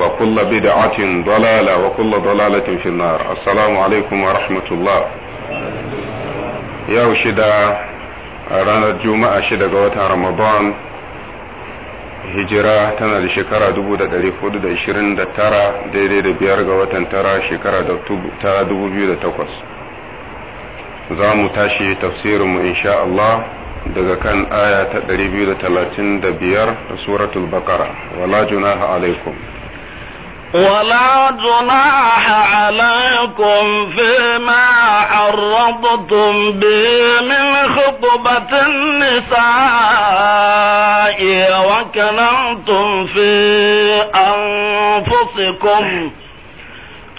وكل بدعة ضلالة وكل ضلالة في النار السلام عليكم ورحمة الله يا شدا رانا الجمعة شدا قوات رمضان hijira tana da shekara 1429 daidai da biyar ga watan tara shekara ta 2008 za mu tashi tafsirinmu insha Allah daga kan aya ta 235 da suratul baqara wala junaha alaikum ولا جناح عليكم فيما عرضتم به من خطبة النساء وكننتم في أنفسكم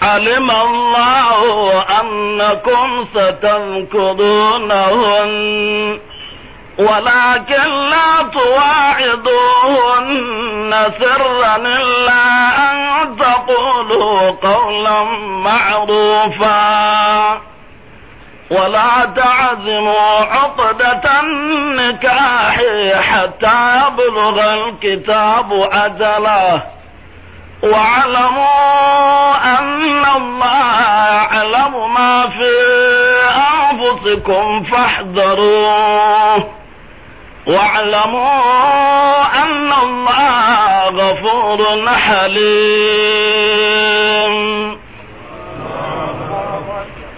علم الله أنكم ستذكرونهن ولكن لا تواعدوهن سرا إلا أن تقولوا قولا معروفا ولا تعزموا عقدة النكاح حتى يبلغ الكتاب أجله واعلموا أن الله يعلم ما في أنفسكم فاحذروه واعلموا أن الله غفور حليم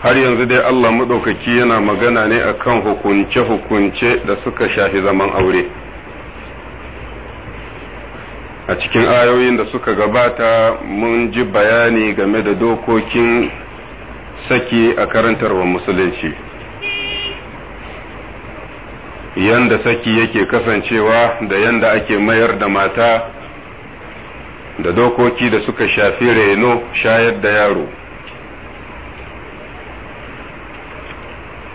har yanzu dai Allah maɗaukaki yana magana ne a kan hukunce-hukunce da suka shafi zaman aure. A cikin ayoyin da suka gabata mun ji bayani game da dokokin saki a karantarwa musulunci. yanda saki yake kasancewa da yanda ake mayar da mata da dokoki da suka shafi reno shayar da yaro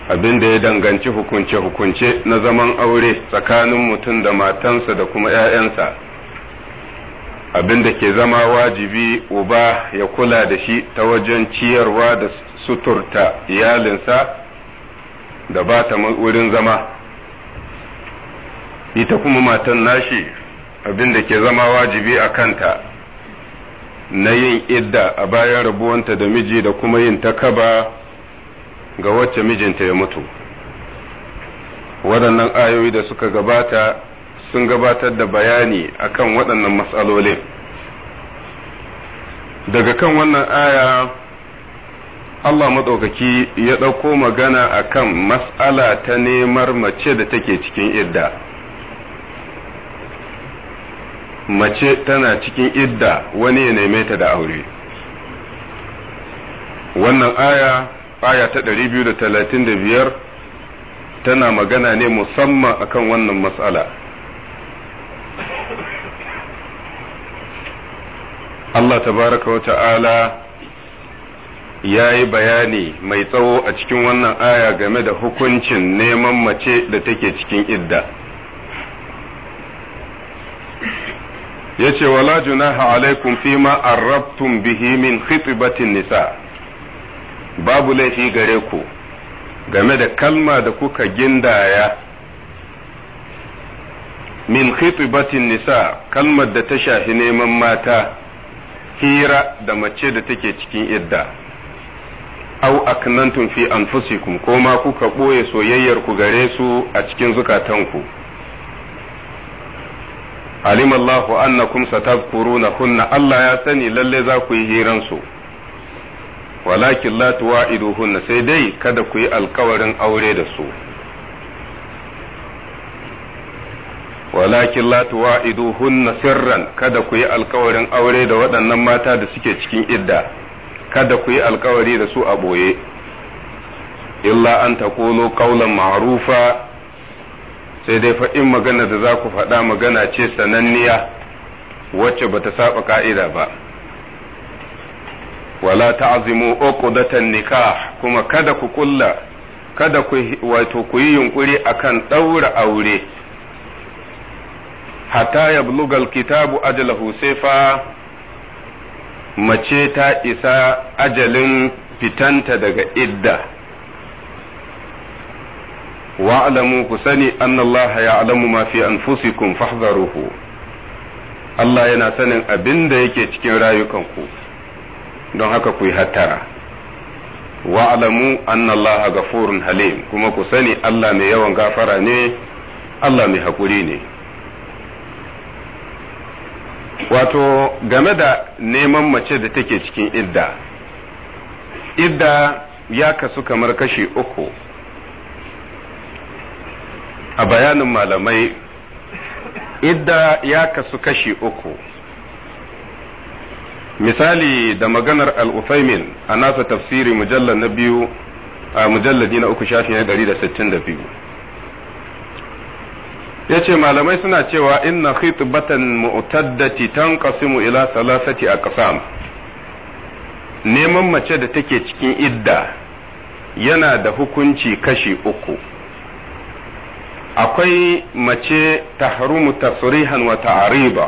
abin da ya danganci hukunce-hukunce na zaman aure tsakanin mutum da matansa da kuma 'ya'yansa abin da ke zama wajibi uba ya kula da shi ta wajen ciyarwa da suturta iyalinsa da ba ta wurin zama ita kuma matan nashi abin da ke zama wajibi a kanta na yin idda a bayan rabuwanta da miji da kuma yin takaba ga wacce mijinta ya mutu waɗannan ayoyi da suka gabata sun gabatar da bayani akan waɗannan matsalolin daga kan wannan aya Allah maɗaukaki ya ɗauko magana akan matsala ta nemar mace da take cikin idda mace tana cikin idda wani ya neme ta da aure wannan aya aya ta 235 tana magana ne musamman akan wannan matsala Allah tabaraka wa ta'ala ya yi bayani mai tsawo a cikin wannan aya game da hukuncin neman mace da take cikin idda. yace wala junaha alaikum ma arrabtum bihi min khitbatin nisa babu laifi gare ku game da kalma da kuka gindaya min khitbatin nisa kalmar da ta shafi neman mata hira da mace da take cikin idda au aknantum fi anfusikum ko ma kuka ɓoye soyayyar ku gare su a cikin zukatanku alim Allahu annakum kunna. Allah ya sani lalle za ku yi hiran su walakin la tuwa'iduhunna sai dai kada ku yi alkawarin aure da su walakin la tuwa'iduhunna sirran kada ku yi alkawarin aure da waɗannan mata da suke cikin idda kada ku yi alkawari da su a boye illa an taqulu qawlan ma'rufa sai dai faɗin magana da za ku faɗa magana ce sananniya wacce ba ta saba ka'ida ba wala ta'zimu uqdatan nikah kuma kada ku kulla kada ku wato ku yi yunkuri akan ɗaura aure hatta yabluga alkitabu ajalahu sai fa mace ta isa ajalin fitanta daga idda wa'lamu kusani sani annallaha ya'lamu ma fi anfusikum fahdharuhu Allah yana sanin abin da yake cikin rayukanku don haka ku yi hattara wa'lamu annallaha ghafurun halim kuma ku sani Allah mai yawan gafara ne Allah mai hakuri ne wato game da neman mace da take cikin idda idda ya kasu kamar kashi uku a bayanin malamai idda ya kasu kashi uku misali da maganar al a nasa tafsiri mujallar na biyu a mujallar na uku shafi na ɗari da sittin da biyu ya ce malamai suna cewa inna khitbatan mu'taddati tanqasimu ila salasati aqsam neman mace da take cikin idda yana da hukunci kashi uku akwai mace ta ta tasrihan wa ta'ariba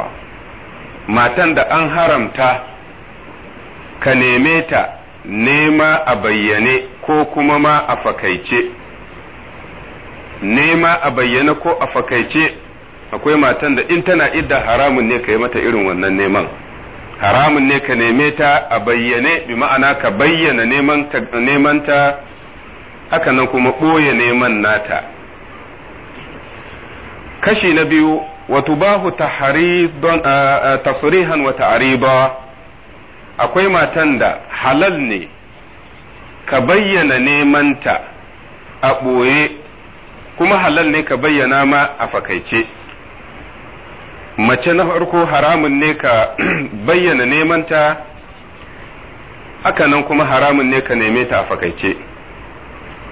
matan da an haramta ka neme ta nema a bayyane ko kuma ma a fakaice nema a bayyane ko a fakaice akwai matan da in tana idda haramun ne ka yi mata irin wannan neman haramun ne ka neme ta a bayyane bi ma'ana ka bayyana nemanta ta haka kuma ɓoye neman nata kashi na biyu wa tubahu tafrihan tasrihan wa ta'riba akwai matan da halal ne ka bayyana nemanta a ɓoye kuma halal ne ka bayyana ma a fakaice mace na farko haramun ne ka bayyana nemanta hakanan kuma haramun ne ka neme ta a fakaice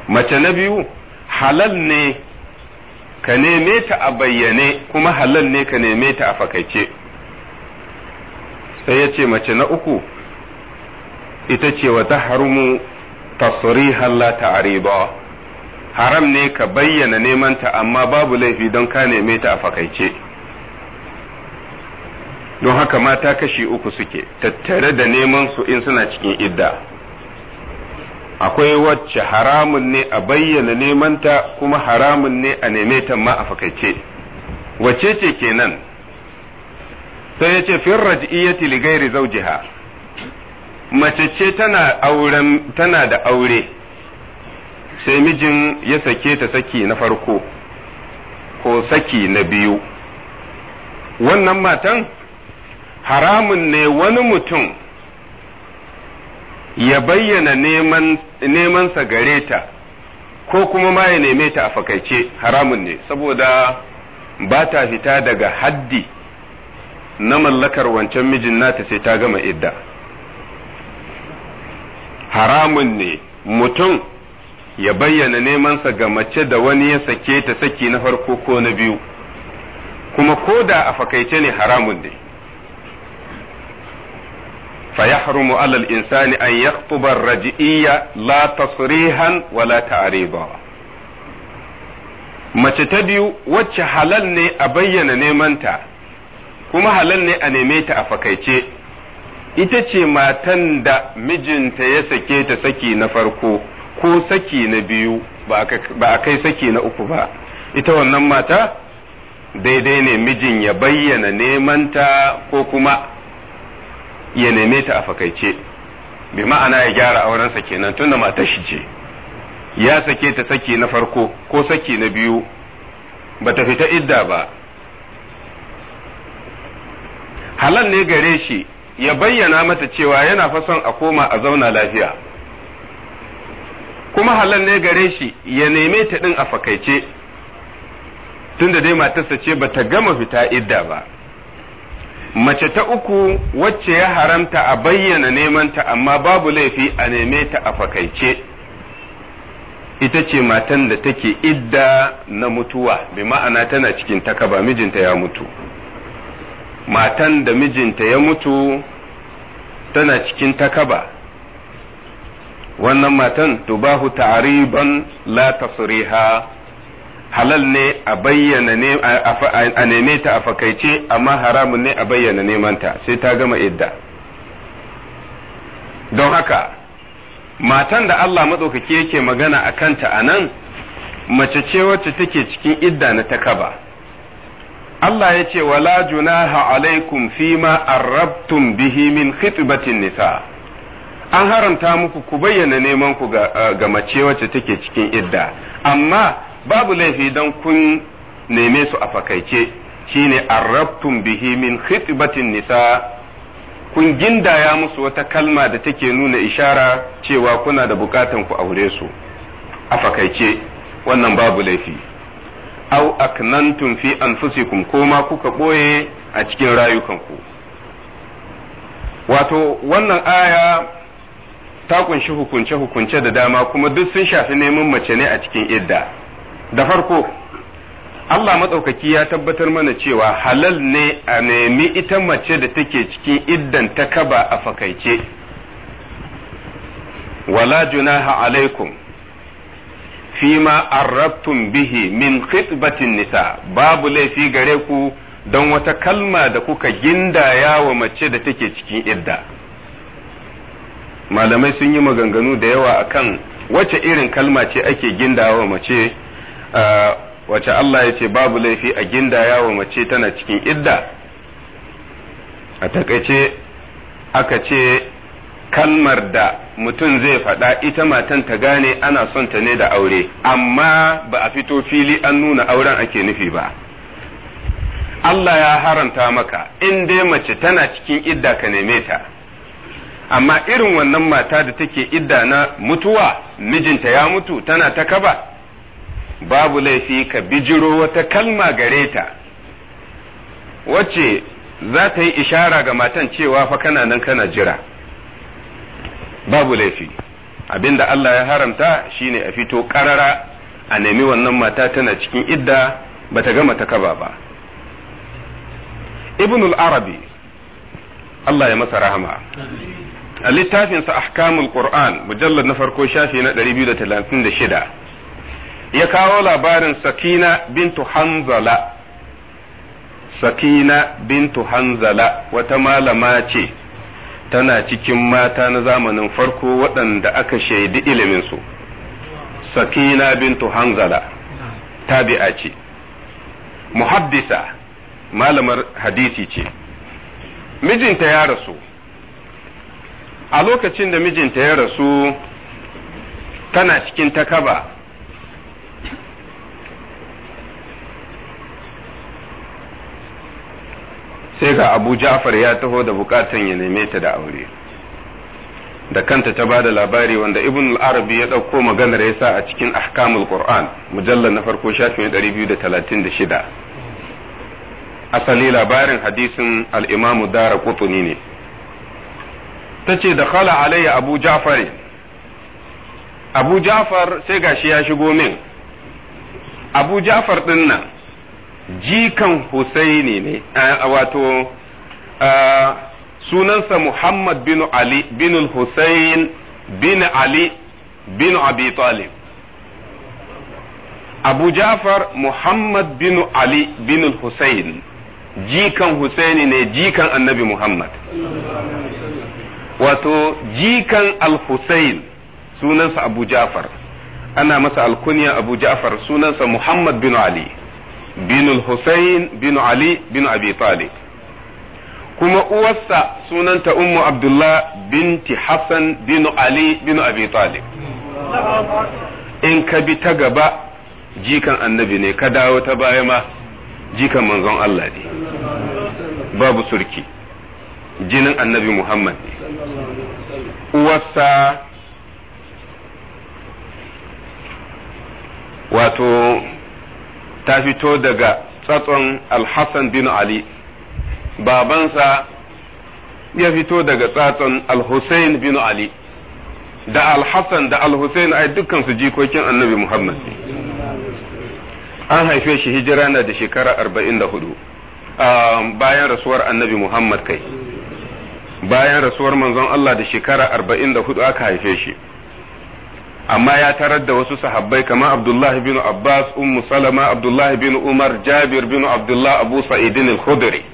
mace na biyu halal ne ka neme ta a bayyane kuma halal ne ka neme ta a fakaice sai ya ce mace na uku ita ce wa ta harumu tasrihan la ta'riba haram ne ka bayyana neman ta amma babu laifi don ka neme ta a fakaice don haka mata kashi uku suke tattare da neman su in suna cikin idda akwai wacce haramun ne a bayyana nemanta kuma haramun ne a neme ta ma a fakaice wacce ce kenan sai ya ce firraji li ghairi zawjiha mace ce tana tana da aure sai mijin ya sake ta saki na farko ko saki na biyu wannan matan haramun ne wani mutum ya bayyana nemansa gare ta ko kuma ma ya neme ta a fakaice haramun ne saboda ba ta fita daga haddi na mallakar wancan mijin nata sai ta gama idda haramun ne mutum ya bayyana nemansa ga mace da wani ya sake ta saki na farko ko na biyu kuma ko da a fakaice ne haramun ne فيحرم على الإنسان أن يخطب الرجئية لا تصريحا ولا تعريضا mace ta biyu wacce halal ne a bayyana nemanta kuma halal ne a neme ta a fakaice ita ce matan da mijinta ya sake ta saki na farko ko saki na biyu ba a kai saki na uku ba ita wannan mata daidai ne mijin ya bayyana nemanta ko kuma ya neme ta a fakaice bi ma'ana ya gyara aurensa kenan tunda matar shi ce ya sake ta saki na farko ko saki na biyu ba ta fita idda ba halal ne gare shi ya bayyana mata cewa yana fason a koma a zauna lafiya kuma halal ne gare shi ya neme ta ɗin a fakaice tunda dai matarsa ce ba ta gama fita idda ba mace ta uku wacce ya haramta a bayyana nemanta amma babu laifi a neme ta a fakaice ita ce matan da take idda na mutuwa bi ma'ana tana cikin takaba mijinta ya mutu matan da mijinta ya mutu tana cikin takaba wannan matan tubahu ta'riban la tasriha halal ne a bayyana ne a neme ta a fakaice amma haramun ne a bayyana nemanta sai ta gama idda don haka matan da Allah matsaukaki yake magana a kanta a nan mace ce wacce take cikin idda na ta kaba. Allah ya ce wala junaha alaikum fima arrabtum bihi min khitbatin nisa an haramta muku ku bayyana neman ku ga mace wacce take cikin idda amma babu laifi don kun neme su a fakaice shine arrabtum bihi min khitbatin nisa kun gindaya musu wata kalma da take nuna ishara cewa kuna da bukatan ku aure su a fakaice wannan babu laifi au aknantum fi anfusikum ko ma kuka boye a cikin rayukanku wato wannan aya ta kunshi hukunce-hukunce da dama kuma duk sun shafi neman mace ne a cikin idda da farko Allah matsaukaki ya tabbatar mana cewa halal ne a nemi ita mace da take cikin iddan ta kaba a fakaice wala junaha alaikum fima arrabtum bihi min khitbatin nisa babu laifi gare ku don wata kalma da kuka gindaya wa mace da take cikin idda malamai sun yi maganganu da yawa akan wace irin kalma ce ake gindawa mace wace Allah ya ce babu laifi a gindaya wa mace tana cikin idda a takaice aka ce kalmar da mutum zai faɗa ita matan ta gane ana son ta ne da aure amma ba a fito fili an nuna auren ake nufi ba Allah ya haranta maka in dai mace tana cikin idda ka neme ta amma irin wannan mata da take idda na mutuwa mijinta ya mutu tana ta kaba babu laifi ka bijiro wata kalma gare ta wacce za ta yi ishara ga matan cewa fa kana nan kana jira babu laifi abinda Allah ya haramta shine a fito karara a nemi wannan mata tana cikin idda bata gama ta kaba ba ibn arabi Allah ya masa rahama a littafinsa ahkamul qur'an mujallad na farko shafi na 236 ya kawo labarin sakina bintu hanzala sakina bintu hanzala wata malama ce tana cikin mata na zamanin farko waɗanda aka shaidi iliminsu sakina bintu hanzala tabi'a ce muhaddisa malamar hadisi ce mijinta ya rasu a lokacin da mijinta ya rasu tana cikin takaba sai ga abu ja'far ya taho da bukatan ya neme ta da aure da kanta ta bada labari wanda ibn al-arabi ya ɗauko maganar yasa a cikin ahkamul qur'an mujallar na farko shafin 236 asali labarin hadisin al-imamu dara qutni ne tace da khala alayya abu ja'far abu ja'far sai gashi ya shigo min abu ja'far din jikan Husaini ne wato sunansa Muhammad bin Ali bin Hussein bin Ali bin Abi Talib Abu Ja'far Muhammad bin Ali bin Hussein jikan Husaini ne jikan Annabi Muhammad wato jikan Al-Husain sunansa Abu Ja'far ana masa alkunya Abu Ja'far sunansa Muhammad bin Ali bin Hussein bin Ali bin Abi Talib kuma uwarsa sunanta Ummu Abdullah binti Hassan bin Ali bin Abi in ka bi ta gaba jikan annabi ne ka dawo ta baya ma jikan manzon Allah ne babu surki jinin annabi Muhammad ne uwarsa wato ta fito daga tsatson alhassan bin ali babansa ya fito daga tsatson alhussein bin ali da alhassan da alhussein ai dukkansu jikokin annabi muhammad an haife shi hijira na da shekara arba'in da hudu ah, bayan rasuwar annabi muhammad kai bayan rasuwar manzon allah da shekara arba'in da hudu aka haife shi amma ya tarar da wasu sahabbai kamar Abdullah bin Abbas, Ummu Salama, Abdullah bin Umar, Jabir bin Abdullah Abu Sa'idin al-Khudri.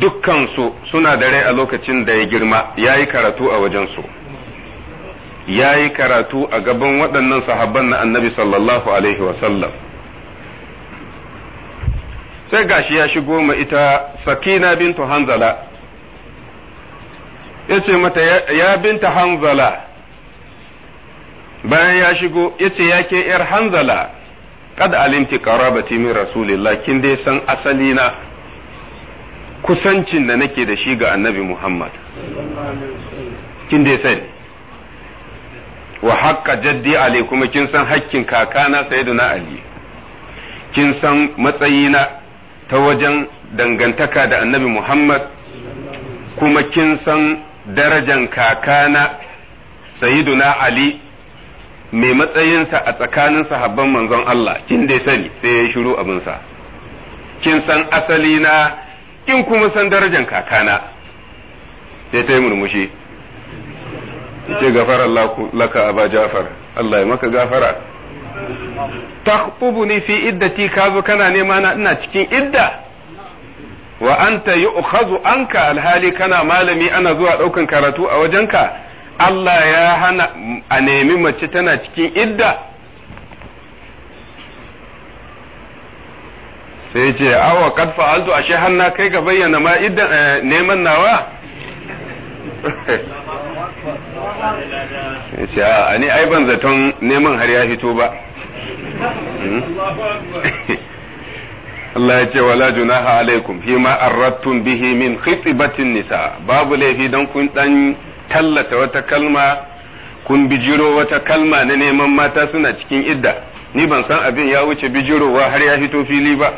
Dukkansu suna da rai a lokacin da ya girma, ya yi karatu a wajensu. Ya yi karatu a gaban waɗannan sahabban na annabi sallallahu Alaihi wasallam. Sai gashi ya shigo ma ita Sakina bintu Hanzala, ya ce mata ya binta Hanzala. bayan ya shigo yace yake yar hanzala kad alimti qarabati min rasulillah kin dai san asali na kusancin da nake da shi ga annabi Muhammad kin dai sai wa haqqa jaddi Ali kuma kin san hakkin kakana sayyiduna ali kin san matsayina ta wajen dangantaka da annabi Muhammad kuma kin san darajan kakana sayyiduna ali mai matsayinsa a tsakanin sahabban manzon Allah kin dai sani sai ya shiru abinsa kin san asali na kin kuma san darajar kakana sai ta yi murmushi ce gafara laka aba jafar Allah ya maka gafara takhtubu ni fi iddati ka zo kana nema na ina cikin idda wa anta yu'khazu anka alhali kana malami ana zuwa daukan karatu a wajenka Allah ya hana a nemi mace tana cikin idda sai ce awa kad fa'altu ashe hanna kai ga bayyana ma idda eh, neman nawa sai a ni ai ban zaton neman har ya fito ba hmm? Allah ya ce wala junaha alaikum fima ma arrattun bihi min khitbatin nisa babu laifi dan kun dan tallata wata kalma kun bijiro wata kalma na neman mata suna cikin idda ni ban san abin ya wuce bijirowa har ya fito fili ba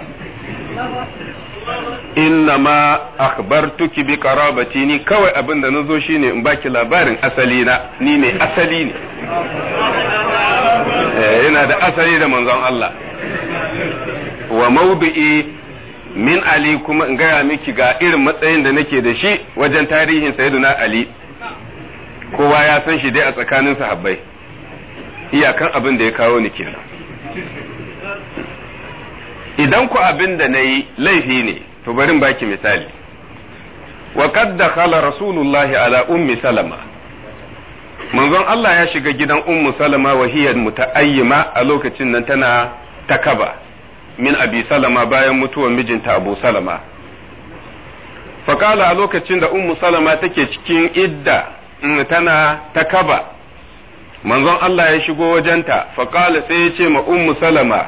innama akhbartuki bi qarabati ni kawai abin da nazo shine in baki labarin asali na ni ne asali ne yana eh, da asali da manzon Allah wa mawdi'i min ali kuma in gaya miki ga irin matsayin da nake da shi wajen tarihin sayyiduna ali kowa ya san shi dai a tsakanin sahabbai iyakan abin da ya kawo ni kenan idan ku abin da na yi laifi ne to bari baki misali wa kadda dakhala rasulullahi ala ummi salama manzon Allah ya shiga gidan ummu salama wa hiya mutaayyima a lokacin nan tana takaba min abi salama bayan mutuwar mijinta abu salama kala a lokacin da ummu salama take cikin idda tana ta kaba manzon Allah ya shigo wajenta qala sai yace ce ma ummu salama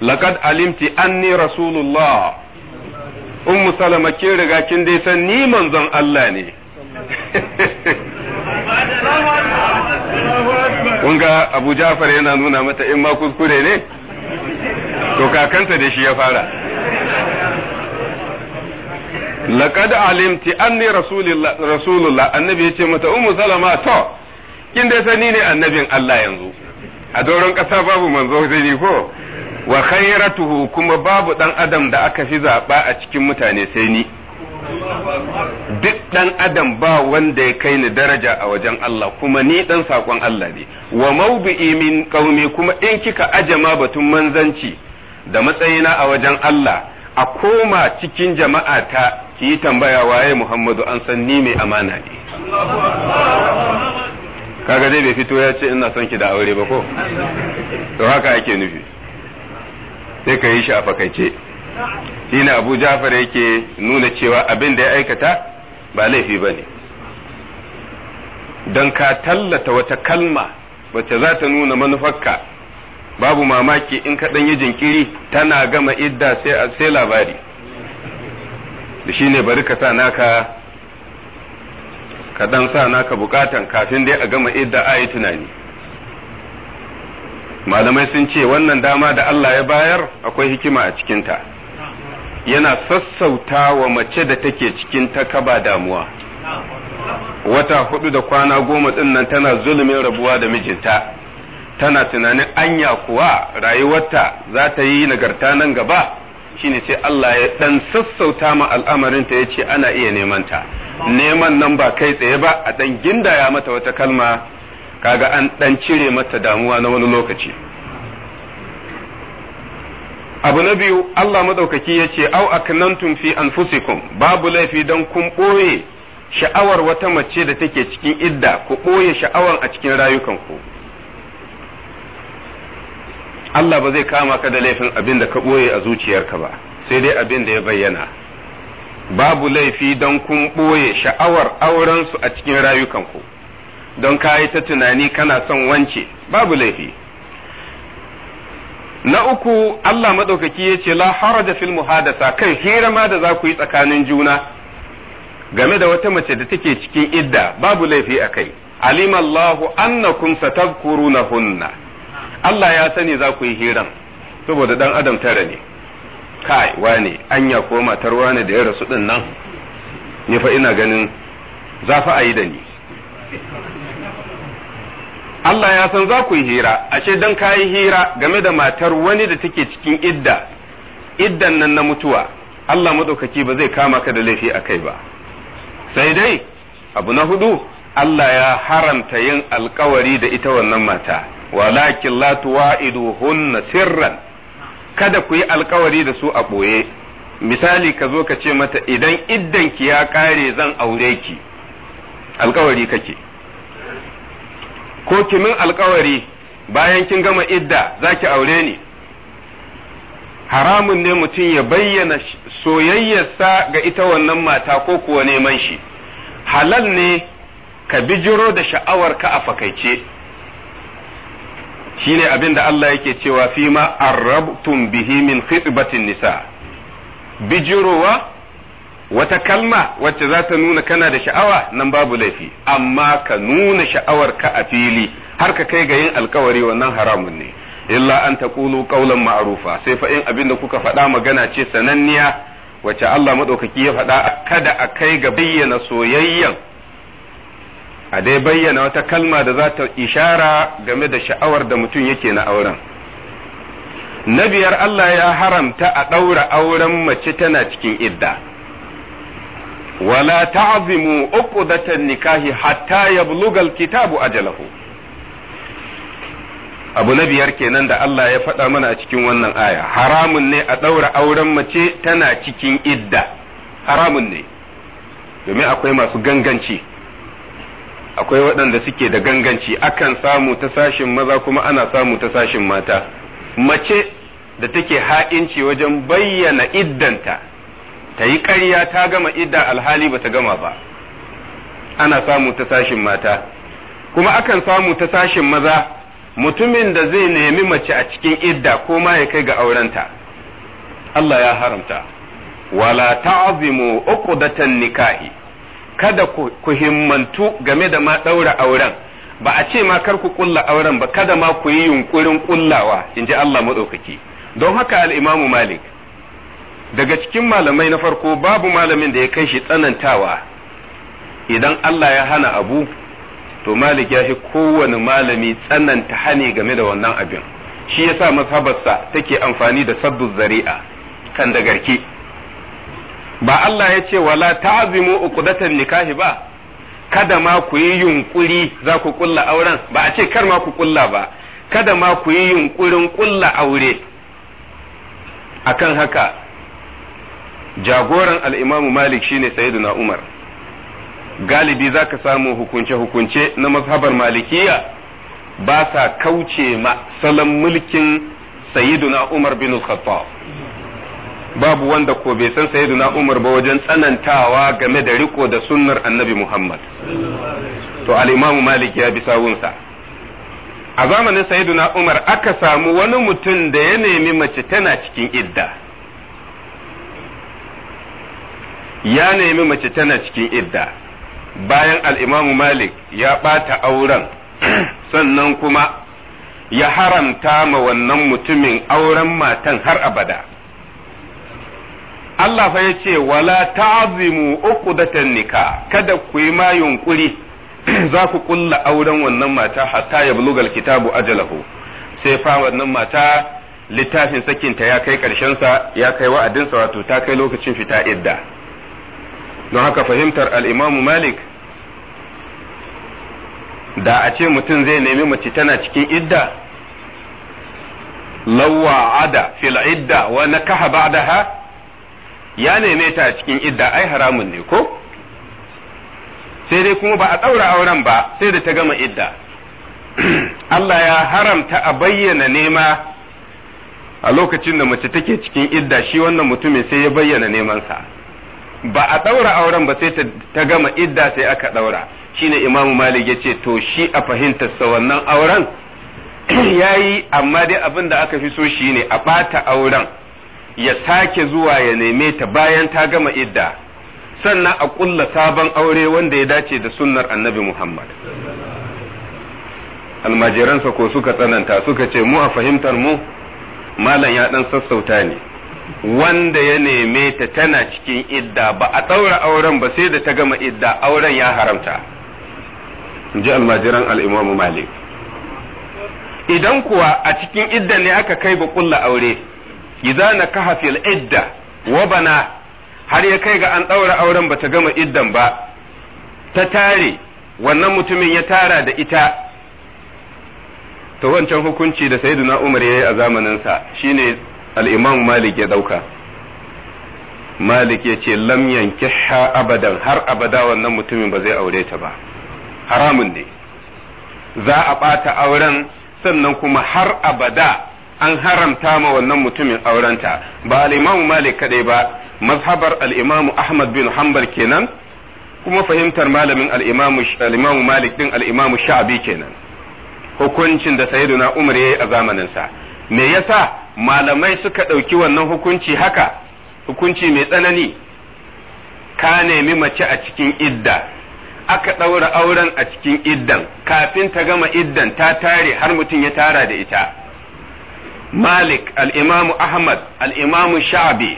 laqad alimti anni rasulullah ummu salama ke riga kin dai san ni manzon Allah ne kun ga Abu Ja'far yana nuna mata in ma kuskure ne to kakanta da shi ya fara laqad alimti anni rasulullah rasulullah annabi yace mata ummu salama to kin dai sani ne annabin Allah yanzu a doron kasa babu manzo sai ni ko wa khairatuhu kuma babu dan adam da aka fi zaba a cikin mutane sai ni duk dan adam ba wanda ya kai ni daraja a wajen Allah kuma ni dan sakon Allah ne wa mawdi'i min qaumi kuma in kika ajama batun manzanci da matsayina a wajen Allah a koma cikin jama'ata ki yi tambaya waye Muhammadu an san ni mai amana ne kaga dai bai fito ya ce ina son ki da aure ba ko to haka yake nufi sai ka yi shi a fakaice ne Abu Ja'far yake nuna cewa abin da ya aikata ba laifi ba ne don ka tallata wata kalma wacce za ta nuna manufarka babu mamaki in ka yi jinkiri tana gama idda sai labari shine bari ka sa naka ka dan sa naka bukatan kafin dai a gama idda a yi tunani malamai sun ce wannan dama da Allah ya bayar akwai hikima a cikinta yana sassauta wa mace da take cikin takaba damuwa wata hudu da kwana goma din nan tana zulumin rabuwa da mijinta tana tunanin anya kuwa rayuwarta za ta yi nagarta nan gaba shine sai Allah ya dan sassauta ma al'amarin ta yace ana iya neman ta neman nan ba kai tsaye ba a dan gindaya mata wata kalma kaga an dan cire mata damuwa na wani lokaci abu na biyu Allah madaukaki yace au aknantum fi anfusikum babu laifi dan kun boye sha'awar wata mace da take cikin idda ku boye sha'awar a cikin rayukanku Allah ba zai kama ka da laifin abin da ka ɓoye a zuciyarka ba sai dai abin da ya bayyana babu laifi don kun ɓoye sha'awar aurensu a cikin rayukanku don ka yi ta tunani kana son wance babu laifi na uku Allah maɗaukaki ya ce la haraja fil muhadasa kai hira ma da za ku yi tsakanin juna game da wata mace da take cikin idda babu laifi a kai alimallahu annakum satadhkurunahunna Allah ya sani za ku yi hiran saboda dan adam tara ne kai wane anya ko matar wane da ya rasu din nan ni fa ina ganin za fa a yi da ni Allah ya san za ku yi hira ashe dan ka hira game da matar wani da take cikin idda iddan nan na mutuwa Allah madaukaki ba zai kama ka da laifi a kai ba sai dai abu na hudu Allah ya haramta yin alkawari da ita wannan mata walakin la tuwa'iduhunna sirran kada ku yi alkawari da su a ɓoye misali ka zo ka ce mata idan iddanki ya ƙare zan aure ki alkawari kake ko kimin alkawari bayan kin gama idda za ki aure ni haramun ne mutum ya bayyana soyayyarsa ga ita wannan mata ko kuwa neman shi halal ne ka bijiro da sha'awar ka a fakaice shine abin da Allah yake cewa fi ma arrabtum bihi min khitbatin nisa bijirowa wata kalma wacce za ta nuna kana da sha'awa nan babu laifi amma ka nuna sha'awar ka a fili har ka kai ga yin alkawari wannan haramun ne illa an taqulu qawlan ma'rufa sai fa in abin da kuka faɗa magana ce sananniya wacce Allah madaukaki ya faɗa kada a kai ga bayyana soyayyan a dai bayyana wata kalma da za ta ishara game da sha'awar da mutum yake na auren na biyar Allah ya haramta a ɗaura auren mace tana cikin idda wala ta'zimu ta nikahi hatta ya bulugal kitabu a jalahu. abu na biyar kenan da Allah ya faɗa mana a cikin wannan aya haramun ne a ɗaura auren mace tana cikin idda haramun ne domin akwai masu ganganci akwai waɗanda suke da ganganci akan samu ta sashin maza kuma ana samu ta sashin mata mace da take ha'inci wajen bayyana iddanta ta yi ƙarya ta gama idda alhali ba ta gama ba ana samu ta sashin mata kuma akan samu ta sashin maza mutumin da zai nemi mace a cikin idda ko ma ya kai ga aurenta Allah ya haramta wala ta'zimu uqdatan nikahi kada ku himmantu game da ma ɗaura auren ba a ce ma kar ku ƙulla auren ba kada ma ku yi yunkurin ƙullawa in ji Allah maɗaukaki don haka al'imamu malik daga cikin malamai na farko babu malamin da ya kai shi tsanantawa idan Allah ya hana abu to malik ya fi kowane malami tsananta hane game da wannan abin shi yasa masabarsa take amfani da sabbin zari'a kan da garki ba Allah ya ce wala ta'zimu uqdatan nikahi ba kada ma ku yi yunkuri za ku kulla auren ba a ce kar ma ku kulla ba kada ma ku yi yunkurin kulla aure akan haka jagoran al'imamu malik shine sayyiduna umar galibi za ka samu hukunce-hukunce na mazhabar malikiya ba sa kauce ma salon mulkin sayyiduna umar bin khattab babu wanda ko bai san sayyiduna Umar ba wajen tsanantawa game da riko da sunnar Annabi Muhammad to al-Imam Malik ya bi sawunsa a zamanin sayyiduna Umar aka samu wani mutum da ya nemi mace tana cikin idda ya nemi mace tana cikin idda bayan al-Imam Malik ya ɓata auren sannan kuma ya haramta ma wannan mutumin auren matan har abada Allah fa yace wala ta'zimu uqdatan nikah kada ku yi ma yunkuri za ku kulla auren wannan mata hatta ya bulugal kitabu ajalahu sai fa wannan mata littafin sakinta ya kai sa ya kai sa wato ta kai lokacin fita idda don haka fahimtar al'imamu malik da a ce mutum zai nemi mace tana cikin idda Ada, fil idda wa nakaha ba'daha ya neme ta a cikin idda ai haramun ne ko sai dai kuma ba a ɗaura auren ba sai da ta gama idda Allah ya haramta a bayyana nema a lokacin da mace take cikin idda shi wannan mutumin sai ya bayyana nemansa ba a ɗaura auren ba sai ta gama idda sai aka ɗaura shine imamu malik ya ce to shi a fahimtarsa wannan auren ya yi amma dai abin da aka fi so shi ne a ɓata auren ya sake zuwa ya neme ta bayan ta gama idda sannan a ƙulla sabon aure wanda ya dace da sunnar annabi Muhammad. almajiransa ko suka tsananta suka ce mu a fahimtar mu malam ya ɗan sassauta ne wanda ya neme ta tana cikin idda ba a ɗaura auren ba sai da ta gama idda auren ya haramta in ji almajiran al'imamu malik idan kuwa a cikin idda ne aka kai ba ƙulla aure idza nakaha fil idda wa bana har ya kai ga an daura auren bata gama iddan ba ta tare wannan mutumin ya tara da ita to wancan hukunci da sayyiduna Umar yayi a zamanin sa shine al-Imam Malik ya dauka Malik ya ce lam yankiha abadan har abada wannan mutumin ba zai aure ta ba haramun ne za a ɓata auren sannan kuma har abada an haramta ma wannan mutumin aurenta ba al'imamu malik kadai ba mazhabar al'imamu ahmad bin hanbal kenan kuma fahimtar malamin al'imamu malik din al'imamu sha'abi kenan hukuncin da sayyiduna umar ya yi a zamaninsa me yasa malamai suka ɗauki wannan hukunci haka hukunci mai tsanani ka nemi mace a cikin idda aka ɗaura auren a cikin iddan kafin ta gama iddan ta tare har mutum ya tara da ita Malik, al'imamu Ahmad, al'imamu Sha'abi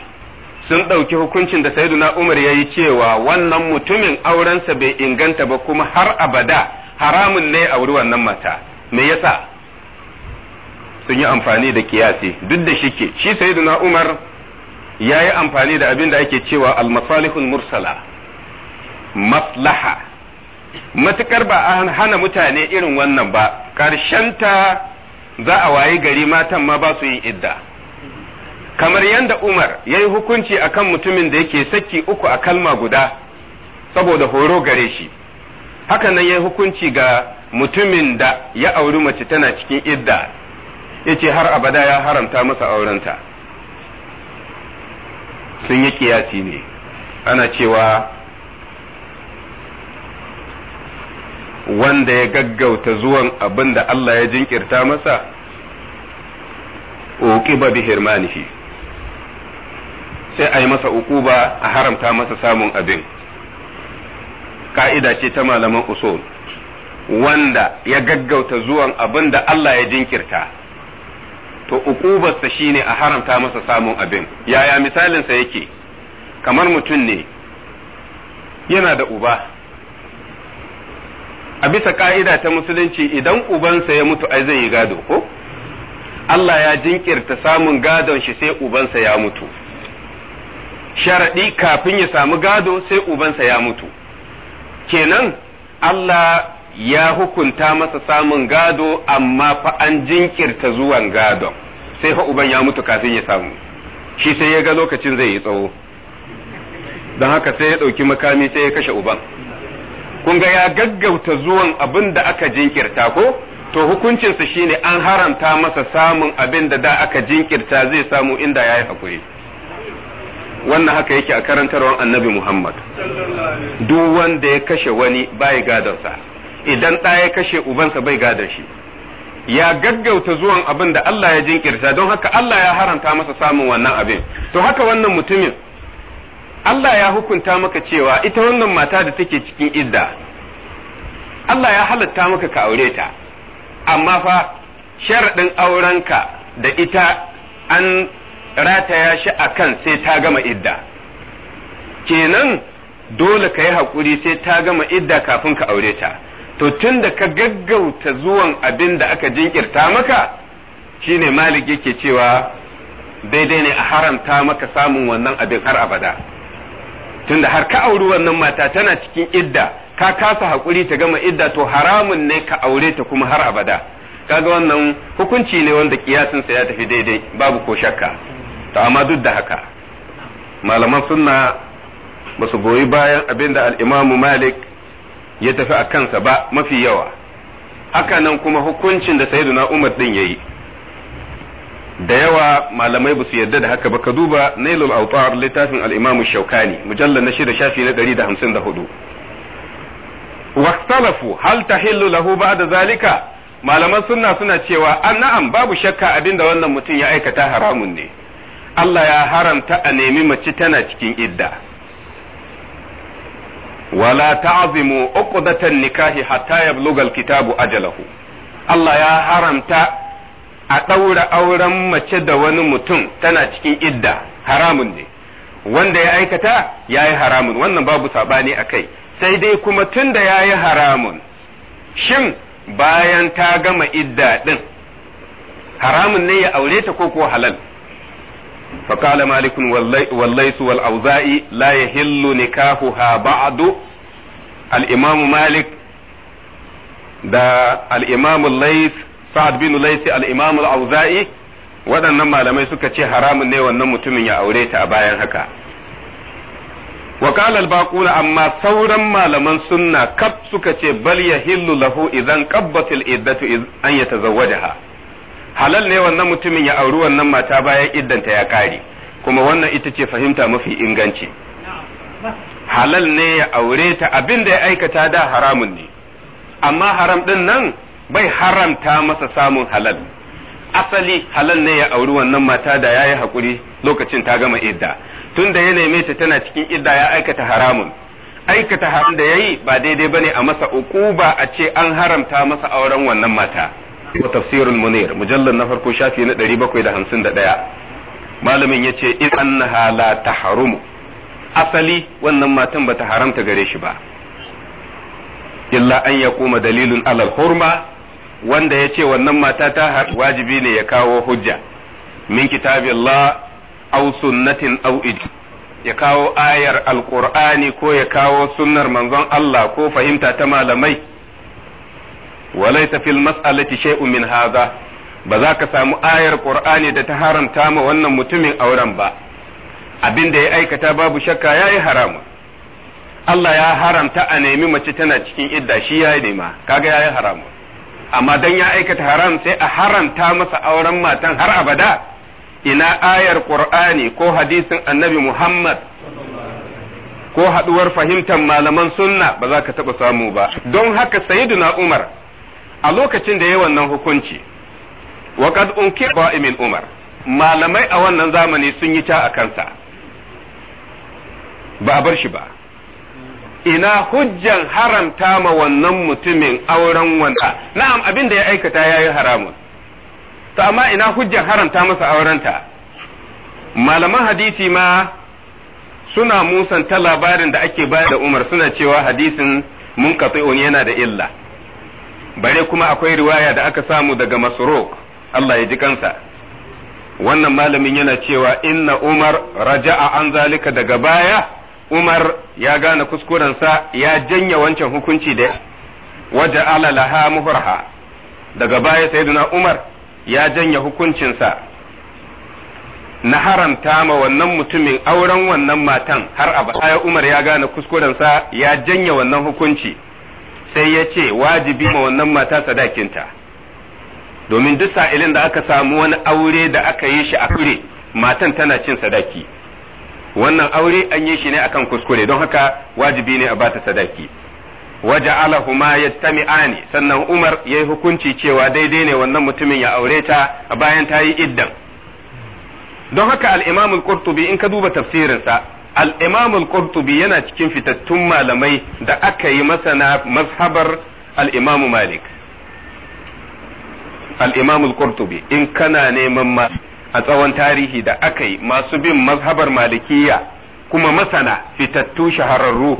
sun ɗauki hukuncin da Sayyiduna Umar ya yi cewa wannan mutumin aurensa bai inganta ba kuma har abada haramun ne a wuri wannan mata. Me yasa? Sun yi amfani da kiyasi duk da shike shi Sayyiduna Umar ya yi amfani da abin da ake cewa almasalihul mursala maslaha matukar ba an hana mutane irin wannan ba ta. za a wayi gari matan ma ba su yin idda kamar yadda Umar ya yi hukunci akan mutumin da yake sakki uku a kalma guda saboda horo gare shi haka nan ya yi hukunci ga mutumin da ya auri mace tana cikin idda yace har abada ya haramta masa aurenta sun yi kiyasi ne ana cewa wanda ya gaggauta zuwan abin da Allah ya jinkirta masa uqiba bi hirmanihi sai a yi masa uquba a haramta masa samun abin ka'ida ce ta malaman usul wanda ya gaggauta zuwan abin da Allah ya jinkirta to uqubarsa shine a haramta masa samun abin yaya misalinsa yake kamar mutum ne yana da uba a bisa ka'ida ta musulunci idan ubansa ya mutu ai zai yi gado ko Allah ya jinkirta samun gadon shi sai ubansa ya mutu sharaɗi kafin ya samu gado sai ubansa ya mutu kenan Allah ya hukunta masa samun gado amma fa an jinkirta zuwan gado sai fa uban ya mutu kafin ya samu shi sai ya ga lokacin zai yi tsawo Dan haka sai ya ɗauki makami sai ya kashe uban kun ga ya gaggauta zuwan abin da aka jinkirta ko to hukuncinsa shine an haramta masa samun abin da da aka jinkirta zai samu inda ya yi haƙuri wannan haka yake a karantarwar annabi muhammad duk wanda ya kashe wani bai gadonsa idan ɗaya ya kashe ubansa bai gadon shi ya gaggauta zuwan abin da Allah ya jinkirta don haka Allah ya haranta masa samun wannan abin to haka wannan mutumin Allah ya hukunta maka cewa ita wannan mata da take cikin idda Allah ya halatta maka ka aure ta amma fa sharaɗin aurenka da ita an rataya shi a kan sai ta gama idda kenan dole ka yi haƙuri sai ta gama idda kafin ka aure ta to tun da ka gaggauta zuwan abin da aka jinkirta maka shine malik yake cewa daidai ne a haramta maka samun wannan abin har abada tunda har ka auri wannan mata tana cikin idda ka kasa hakuri ta gama idda to haramun ne ka aure ta kuma har abada kaga wannan hukunci ne wanda kiyasin sa ya tafi daidai babu ko shakka to amma duk da haka malaman sunna basu goyi bayan abinda al-Imam Malik ya tafi a kansa ba mafi yawa haka nan kuma hukuncin da Sayyiduna Umar din yayi da yawa malamai ba su yarda da haka ba ka duba nailul autar littafin al-imam shaukani mujallar na shida shafi na 154 waqtalafu hal tahillu lahu ba'da zalika malaman sunna suna cewa an ah, na'am babu shakka abinda wannan mutum ya aikata haramun ne Allah ya haramta a nemi mace tana cikin idda wala ta'zimu uqdatan nikahi hatta yablugha al-kitabu ajalahu Allah ya haramta a ɗaura auren mace da wani mutum tana cikin idda haramun ne wanda ya aikata ya yi haramun wannan babu saɓani a kai sai dai kuma tun da ya yi haramun shin bayan ta gama idda ɗin haramun ne ya aure ta ko kuwa halal فقال مالك والليث والأوزائي لا nikahu نكاحها بعد الإمام مالك da al'imamu laif sa'ad bin laisi al-imam al-auza'i waɗannan malamai suka ce haramun ne wannan mutumin ya aure ta a bayan haka wa qala al-baquna amma sauran malaman sunna kaf suka ce bal yahillu lahu idan qabbatil iddatu an yatazawwajaha halal ne wannan mutumin ya auri wannan mata bayan iddanta ya kare kuma wannan ita ce fahimta mafi inganci halal ne ya aure ta abin da ya aikata da haramun ne amma haram din nan bai haramta masa samun halal asali halal ne ya auri wannan mata da ya yi haƙuri lokacin ta gama idda tunda da ya neme ta tana cikin idda ya aikata haramun aikata haram da ya yi ba daidai bane a masa uquba a ce an haramta masa auren wannan mata wa tafsirul munir mujallal na farko shafi na 751 malamin yace in annaha ta harumu asali wannan matan bata haramta gare shi ba illa an ya koma dalilin alal hurma wanda ya ce wannan mata ta wajibi ne ya kawo hujja min Allah aw sunnatin aw ya kawo ayar alqur'ani ko ya kawo sunnar manzon Allah ko fahimta ta malamai walaysa fil mas'alati shay'un min hadha ba za ka samu ayar qur'ani da ta haramta ma wannan mutumin auren ba abin da ya aikata babu shakka yayi harama. Allah ya haramta a nemi mace tana cikin idda shi yayi nema kaga yayi harama. amma dan ya aikata haram sai a haramta masa auren matan har abada ina ayar qur'ani ko hadisin annabi muhammad ko haduwar fahimtar malaman sunna ba za ka taba samu ba don haka sayyiduna umar a lokacin da ya wannan hukunci wa qad unkir umar malamai a wannan zamani sun yi ta a kansa ba a bar shi ba ina hujjan haramta ma wannan mutumin auren wanda na'am abin da ya aikata ya yi haramun to amma ina hujjan haramta masa aurenta malaman hadisi ma suna musanta labarin da ake bayar da umar suna cewa hadisin mun yana da illa bare kuma akwai riwaya da aka samu daga masruk Allah ya ji kansa wannan malamin yana cewa inna umar raja'a an zalika daga baya Umar ya gane kuskurensa ya janya wancan hukunci da waje laha muhurha daga baya sayyiduna Umar ya janya hukuncinsa na haramta ma wannan mutumin auren wannan matan har a baya Umar ya gane kuskurensa ya janya wannan hukunci sai ya ce wajibi ma wannan mata sadakinta domin duk sa'ilin da aka samu wani aure da aka yi shi a matan tana cin sadaki. wannan aure an yi shi ne akan kuskure don haka wajibi ne a bata sadaki waja'alahuma yattami'ani sannan Umar ya yi hukunci cewa daidai ne wannan mutumin ya aure ta a bayan ta yi iddan don haka al-Imam al-Qurtubi in ka duba tafsirinsa al-Imam yana cikin fitattun malamai da aka yi masana mazhabar al-Imam Malik al-Imam in kana neman ma a tsawon tarihi da aka yi masu bin mazhabar malikiya kuma masana fitattu shahararru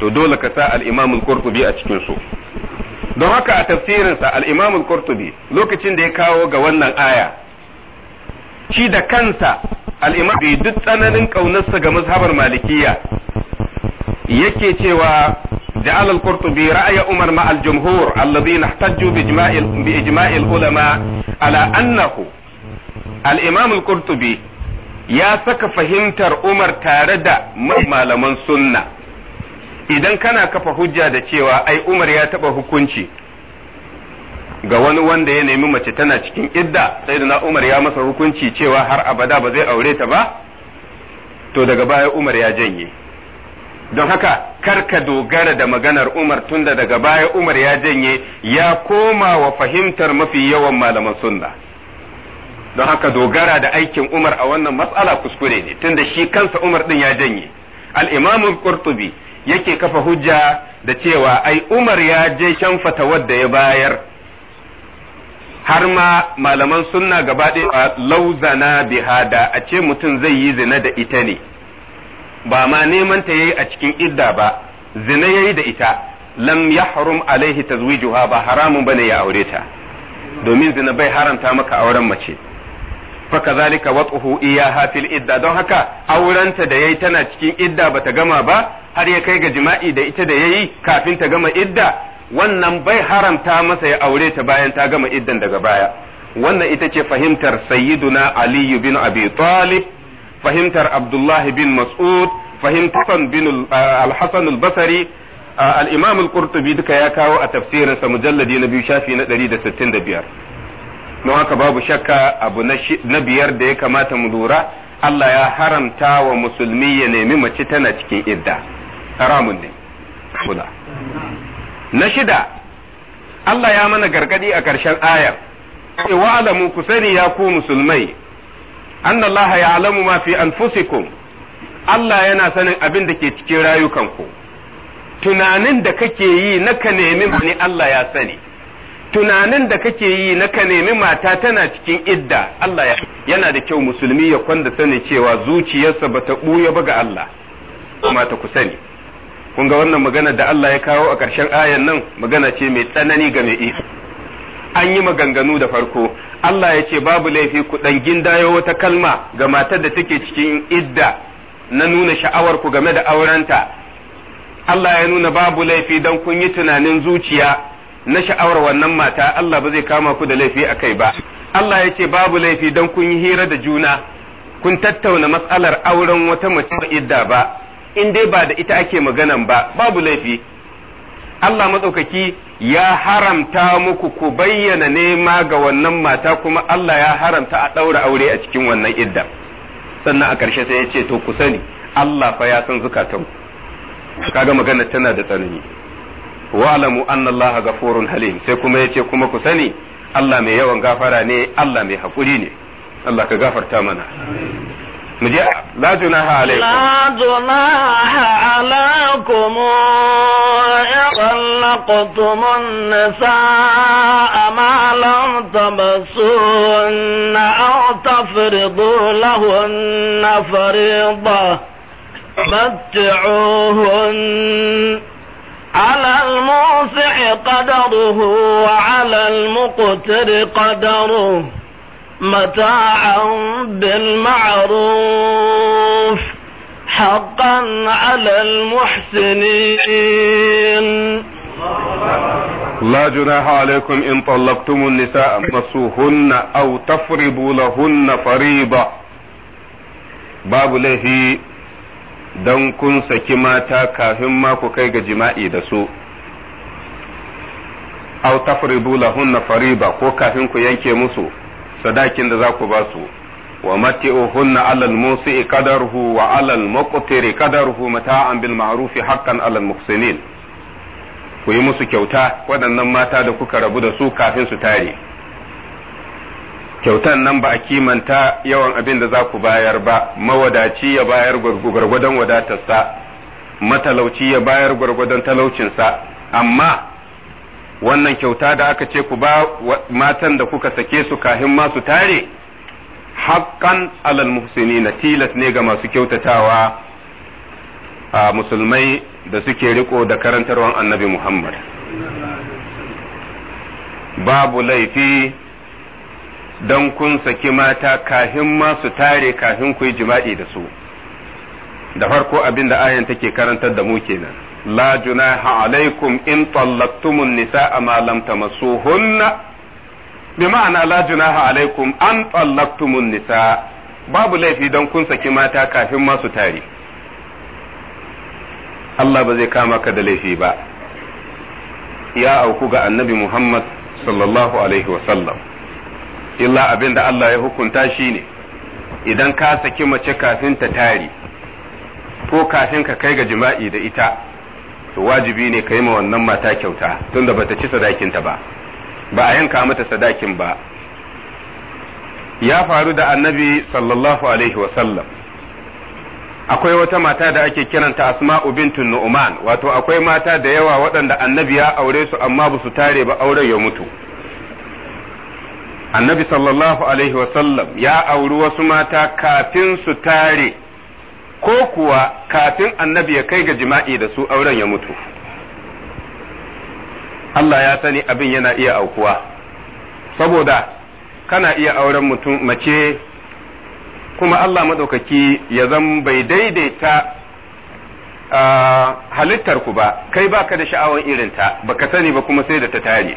to dole ka sa al-imam a cikinsu. don haka a tafsirinsa al-imam lokacin da ya kawo ga wannan aya shi da kansa al duk tsananin kaunarsa ga mazhabar malikiya yake cewa جعل القرطبي رأي عمر مع الجمهور الذين bi بإجماع ulama ala أنه al-imam al-qurtubi ya saka fahimtar umar tare da malaman sunna idan kana kafa hujja da cewa ai umar ya taba hukunci ga wani wanda ya nemi mace tana cikin idda sai da na umar ya masa hukunci cewa har abada ba zai aure ta ba to daga baya umar ya janye don haka karka dogara da maganar umar tunda daga baya umar ya janye ya koma wa fahimtar mafi yawan malaman sunna don haka dogara da aikin Umar a wannan matsala kuskure ne tunda shi kansa Umar din ya janye al-Imam Qurtubi yake kafa hujja da cewa ai Umar ya je shan fatawar da ya bayar har ma malaman sunna gaba ɗaya lauzana bihada a ce mutum zai yi zina da ita ne ba ma neman ta yayi a cikin idda ba zina yayi da ita lam yahrum alaihi tazwijuha ba haramun bane ya aure ta domin zina bai haramta maka auren mace فكذلك وطئه إياها في الإدة don haka aurenta da yayi tana cikin idda bata gama ba har ya kai ga jima'i da ita da yi kafin ta gama idda wannan bai haramta masa ya aure ta bayan ta gama iddan daga baya wannan ita ce fahimtar sayyiduna Ali bin Abi Talib fahimtar Abdullahi bin Mas'ud fahimtar bin Al-Hasan Al-Basri al-Imam Al-Qurtubi duka ya kawo a tafsirinsa mujalladi na biyu shafi na 165 don haka babu shakka abu na biyar da ya kamata mu lura Allah ya haramta wa musulmi ya nemi mace tana cikin idda haramun ne kula na shida Allah ya mana gargadi a ƙarshen ayar wa alamu ku sani ya ku musulmai anna Allah ya alamu ma fi anfusikum Allah yana sanin abin da ke cikin rayukanku tunanin da kake yi naka nemi ne Allah ya sani tunanin da kake yi naka nemi mata tana cikin idda Allah ya yana da kyau musulmi ya kwanda sani cewa zuciyarsa ba ta ɓuya ba ga Allah kuma ta ku sani kun ga wannan magana da Allah ya kawo a ƙarshen ayan nan magana ce mai tsanani ga mai isa an yi maganganu da farko Allah ya ce babu laifi ku dan gindayo wata kalma ga matar da take cikin idda na nuna sha'awar ku game da aurenta Allah ya nuna babu laifi dan kun yi tunanin zuciya na sha'awar wannan mata Allah ba zai kama ku da laifi a kai ba Allah ya ce babu laifi don kun yi hira da juna kun tattauna matsalar auren wata mace ba idda ba in dai ba da ita ake maganan ba babu laifi Allah matsaukaki ya haramta muku ku bayyana nema ga wannan mata kuma Allah ya haramta a ɗaura aure a cikin wannan idda sannan a ƙarshe sai ya ce to ku sani Allah fa ya san zukatanku kaga magana tana da tsanani wa'lamu anna allaha ghafurun halim sai kuma yace kuma ku sani Allah mai yawan gafara ne Allah mai hakuri ne Allah ka gafarta mana mu مجيء لا جناح عليكم لا جناح alaikum طلقتم النساء ما لم تمسون أو تفرضوا لهن فريضة متعوهن على الموسع قدره وعلى المقتر قدره متاعا بالمعروف حقا على المحسنين لا جناح عليكم إن طلقتم النساء مسوهن أو تفرضوا لهن فريضة باب لهي don kun saki mata kafin ma ku kai ga jima'i da su aw tafridu lahunna fariba ko kafin ku yanke musu sadakin da za ku ba su wa hunna alal musi'i qadaruhu wa alal muqtiri qadaruhu mata'an bil ma'rufi haqqan alal muhsinin ku yi musu kyauta waɗannan mata da kuka rabu da su kafin su tare kyautan nan ba a kimanta yawan abin da za ku bayar ba mawadaci ya bayar gwargwadon wadatarsa matalauci ya bayar gwargwadon talaucinsa amma wannan kyauta da aka ce ku ba matan da kuka sake su kahin masu tare haƙƙan alal muhsini na tilas ne ga masu kyautatawa a musulmai da suke riko da karantarwar annabi muhammad babu laifi don kun saki mata kafin ma su tare kafin ku yi jima'i da su da farko abin da ayan take karantar da mu kenan la junaha alaikum in tallaqtumun nisaa ma lam tamassuhunna bi ma'ana la junaha alaikum an tallaqtumun nisaa babu laifi don kun saki mata kafin ma su tare Allah ba zai kama ka da laifi ba ya auku ga annabi Muhammad sallallahu alaihi wa sallam. illa abin da Allah ya hukunta shi ne idan ka saki mace kafin ta tari ko kafin ka kai ga jima'i da ita to wajibi ne ka yi ma wannan mata kyauta tunda bata ci sadakinta ba ba a yanka mata sadakin ba ya faru da annabi sallallahu alaihi wasallam akwai wata mata da ake kiranta asma'u Bintu nu'man wato akwai mata da yawa waɗanda annabi ya aure su amma ba su tare ba auren ya mutu annabi sallallahu alaihi wasallam ya auri wasu mata kafin su tare ko kuwa kafin annabi ya kai ga jima'i da su auren ya mutu Allah ya sani abin yana iya aukuwa saboda kana iya auren mutum mace kuma Allah maɗaukaki ya zan bai daidaita halittar ku ba kai baka da sha'awar irinta baka sani ba kuma sai da ta tare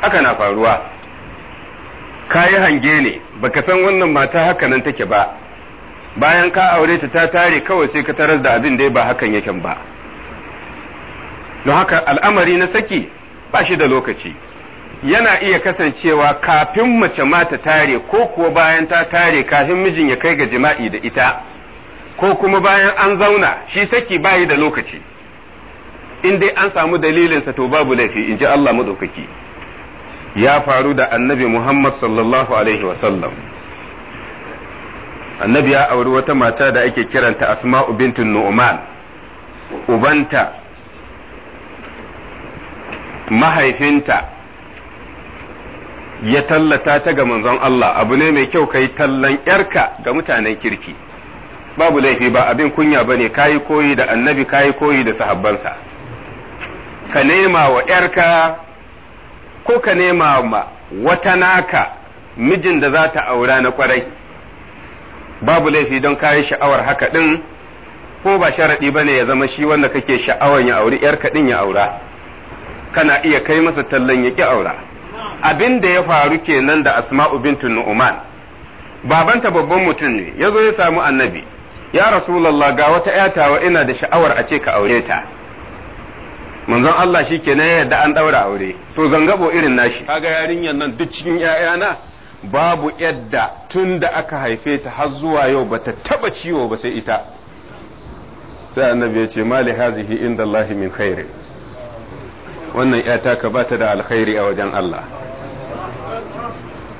haka na faruwa Ka yi hange ne baka san wannan mata haka nan take ba bayan ka aure ta ta tare kawai sai ka tarar da abin dai ba hakan yake ba don haka al'amari na saki ba shi da lokaci yana iya kasancewa kafin mace ma ta tare ko kuwa bayan ta tare kafin mijin ya kai ga jima'i da ita ko kuma bayan an zauna shi saki bayi da lokaci in dai an samu dalilinsa to babu laifi in ji Allah madaukaki ya faru da annabi Muhammad sallallahu alaihi wasallam annabi ya auri wata mata da ake kiranta asma'u Bintu nu'man ubanta mahaifinta ya tallata ta ga manzon Allah abu ne mai kyau kai tallan ƴarka ga mutanen kirki babu laifi ba abin kunya ba ne kayi koyi da annabi kayi koyi da sahabbansa ka nema wa ƴarka. ko ka nema ma wata naka mijin da za ta aura na kwarai babu laifi don kayi sha'awar haka ɗin. ko ba sharaɗi ba ne ya zama shi wanda kake sha'awar ya auri yarka din ya aura kana iya kai masa tallan ya ki aura abin da ya faru kenan da asma'u bintu nu'man babanta babban mutum ne ya zo ya samu annabi ya rasulallah ga wata yatawa ina da sha'awar a ce ka aure ta manzon Allah shi kenan ya yarda an daura aure to zangabo irin nashi kaga yarinyar nan duk cikin ƴaƴana babu yadda tun da aka haife ta har zuwa yau bata taba ciwo ba sai ita sai annabi ya ce mali hazihi inda Allah min khairi wannan ƴata ka bata da alkhairi a wajen Allah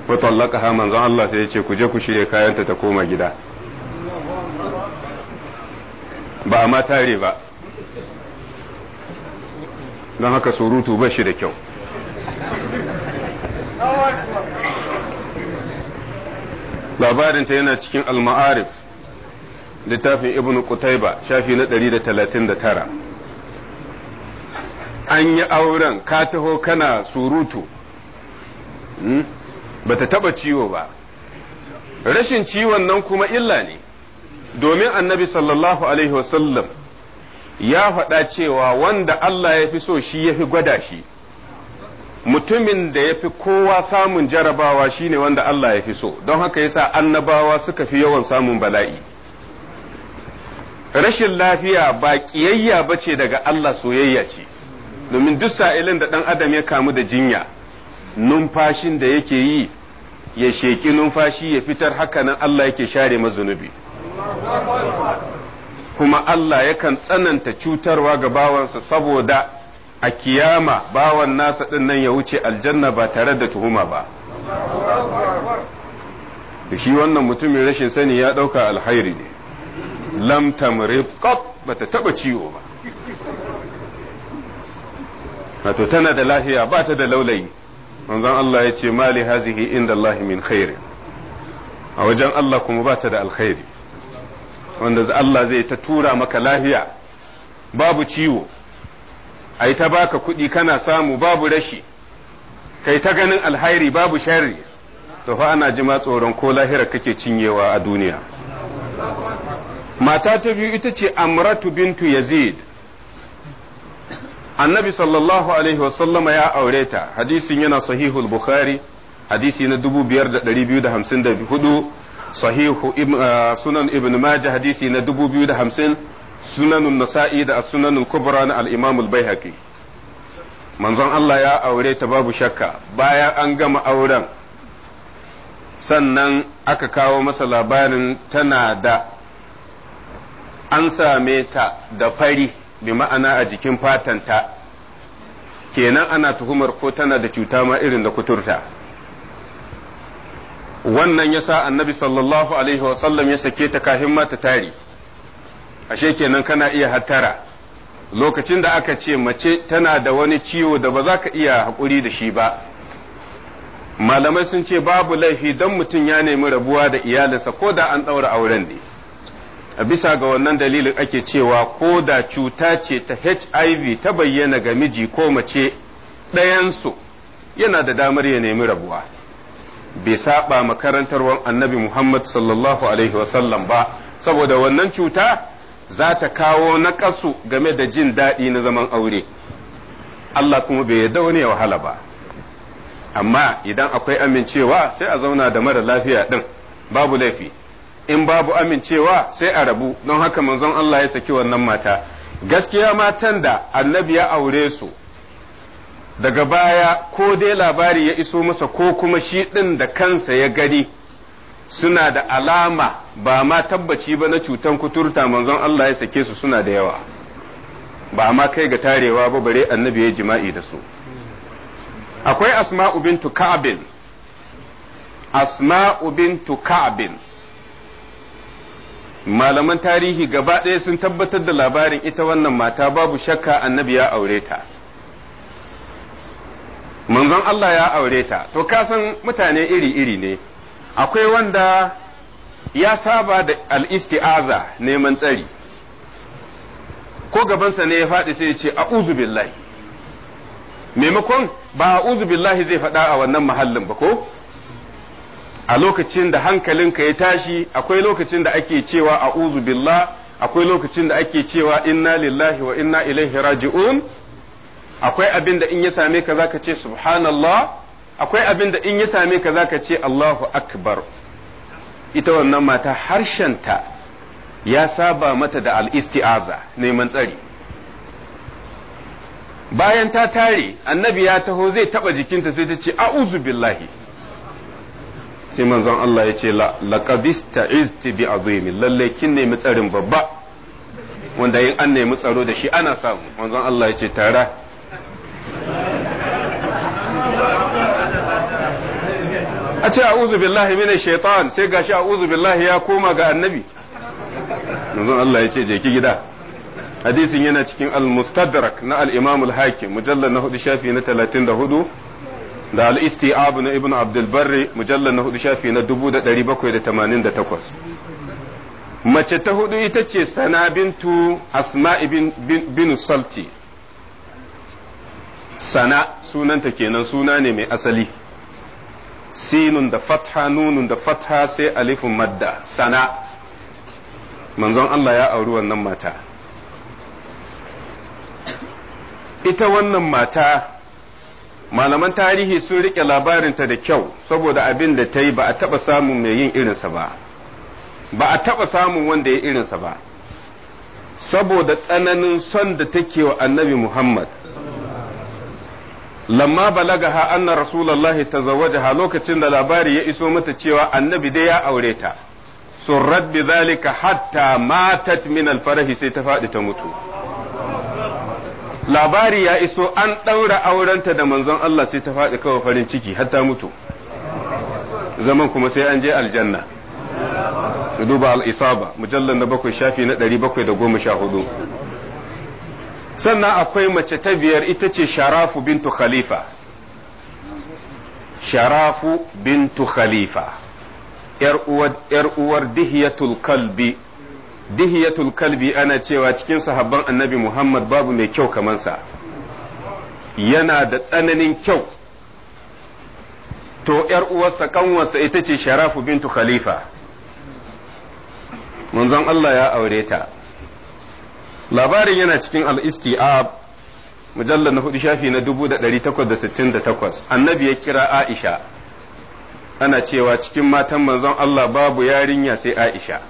wa tallaqaha manzon Allah sai ya ce ku je ku shirye kayanta ta koma gida ba a ma tare ba don haka surutu ba shi da kyau labarinta yana cikin al littafin ibn Qutayba shafi na 139 an yi auren ka taho kana surutu hmm? bata taba ciwo ba rashin ciwon nan kuma illa ne domin annabi sallallahu alaihi wasallam ya faɗa cewa wanda Allah ya fi so shi ya fi gwada shi mutumin da ya fi kowa samun jarabawa shi ne wanda Allah ya fi so don haka yasa annabawa suka fi yawan samun bala'i rashin lafiya ba ƙiyayya ba ce daga Allah soyayya ce domin duk sa'ilin da ɗan adam ya kamu da jinya numfashin da yake yi ya sheki numfashi ya fitar hakanan Allah yake share mazunubi kuma Allah yakan tsananta cutarwa ga bawansa saboda a kiyama bawan nasa ɗin nan ya wuce aljanna ba tare da tuhuma ba. Da shi wannan mutumin rashin sani ya ɗauka alhairi ne, lam tamrib ba ta taɓa ciwo ba. Wato tana da lahiya ba ta da laulayi, manzon Allah ya ce mali hazihi inda Allah min khairi, a wajen Allah kuma ba ta da alkhairi. wanda Allah zai ta tura maka lafiya babu ciwo ai ta baka kuɗi kana samu babu rashi kai ta ganin alhairi babu sharri to fa ana jima tsoron ko lahira kake cinyewa a duniya mata ta biyu ita ce amratu bintu yazid annabi sallallahu alaihi wasallama ya aure ta hadisin yana sahihul bukhari hadisi na 2254 sahihu uh, sunan ibn majah hadisi na da sunanun nasa'i da sunan kubra na al-imam al manzon Allah ya aure ta babu shakka bayan an gama auren sannan aka kawo masa labarin tana da an same ta da fari bi ma'ana a jikin fatanta kenan ana tuhumar ko tana da cuta ma irin da kuturta wannan ya sa annabi sallallahu alaihi wasallam ya sake ta kafin mata tari ashe kenan kana iya hattara lokacin da aka ce mace tana da wani ciwo da ba za ka iya haƙuri da shi ba malamai sun ce babu laifi don mutum ya nemi rabuwa da iyalinsa ko da an ɗaura auren ne a bisa ga wannan dalilin ake cewa ko da cuta ce ta hiv ta bayyana ga miji ko mace ɗayansu yana da damar ya nemi rabuwa bai saba makarantarwar annabi Muhammad sallallahu Alaihi wasallam ba, saboda wannan cuta za ta kawo naƙasu game da jin daɗi na zaman aure. Allah kuma bai yarda wani ya wahala ba. Amma idan akwai amincewa sai a zauna da mara lafiya ɗin, babu laifi. In babu amincewa sai a rabu, don haka manzon Allah ya saki wannan mata. Gaskiya matan da annabi ya aure su. daga baya ko dai labari ya iso masa ko kuma shi ɗin da kansa ya gari suna da alama ba ma tabbaci ba na cutan kuturta manzon Allah ya sake su suna da yawa ba ma kai ga tarewa ba bare annabi ya jima'i da su akwai asma'u bintu ka'bin asma'u bintu ka'bin malaman tarihi gaba ɗaya sun tabbatar da labarin ita wannan mata babu shakka annabi ya aure ta manzon Allah ya aure ta to ka san mutane iri-iri ne akwai wanda ya saba da al'isti'aza neman tsari ko gabansa ne ya faɗi sai ya ce a'uzu billahi maimakon ba a'uzubillahi billahi zai faɗa a wannan mahallin ba ko a lokacin da hankalinka ya tashi akwai lokacin da ake cewa a'uzu billah akwai lokacin da ake cewa inna lillahi wa inna ilaihi raji'un akwai abin da in ya same ka zaka ce subhanallah akwai abin da in ya same ka zaka ce Allahu akbar ita wannan mata ta ya saba mata da al-isti'aza neman tsari bayan ta tare annabi ya taho zai taba jikinta sai ta ce a'udhu billahi sai manzon Allah ya ce la laqabista izti bi azimi lalle kin nemi tsarin babba wanda yin an nemi tsaro da shi ana samu manzon Allah ya ce tara a ce a'udhu billahi minash shaitan sai gashi a'udhu billahi ya koma ga annabi manzon Allah ya ce je ki gida hadisin yana cikin al-mustadrak na al-imam al-hakim na hudu shafi na 34 da al-isti'ab na ibn abdul barri mujallal na hudu shafi na 1788 mace ta hudu ita ce sana bintu asma bin salti sana sunanta kenan suna ne mai asali sinun da fatha nunun da fatha sai alifun madda sana manzon Allah ya auri wannan mata ita wannan mata malaman tarihi sun rike labarinta da kyau saboda abin da ta yi ba a taba samun mai yin irinsa ba ba a taɓa samun wanda ya irinsa ba saboda tsananin son da take wa annabi Muhammad lamma balaga ha anna rasulullahi ha lokacin da labari ya iso mata cewa annabi dai ya aure ta surrat bi zalika hatta matat min alfarahi sai ta faɗi ta mutu labari ya iso an ɗaura aurenta da manzon Allah sai ta faɗi kawai farin ciki hatta mutu zaman kuma sai an je aljanna duba al-isaba mujallal na bakwai shafi na hudu. sannan akwai mace ta biyar ita ce sharafu bintu khalifa sharafu bintu khalifa ‘yar uwar dihiyatul kalbi dihiyatul kalbi ana cewa cikin sahabban annabi muhammad babu mai kyau kamansa yana da tsananin kyau to ‘yar uwarsa kanwarsa ita ce sharafu bintu khalifa manzon Allah ya aure ta labarin yana cikin al-istiab mujallal na hudu shafi na 1868 annabi ya kira Aisha ana cewa cikin matan manzon Allah babu yarinya sai Aisha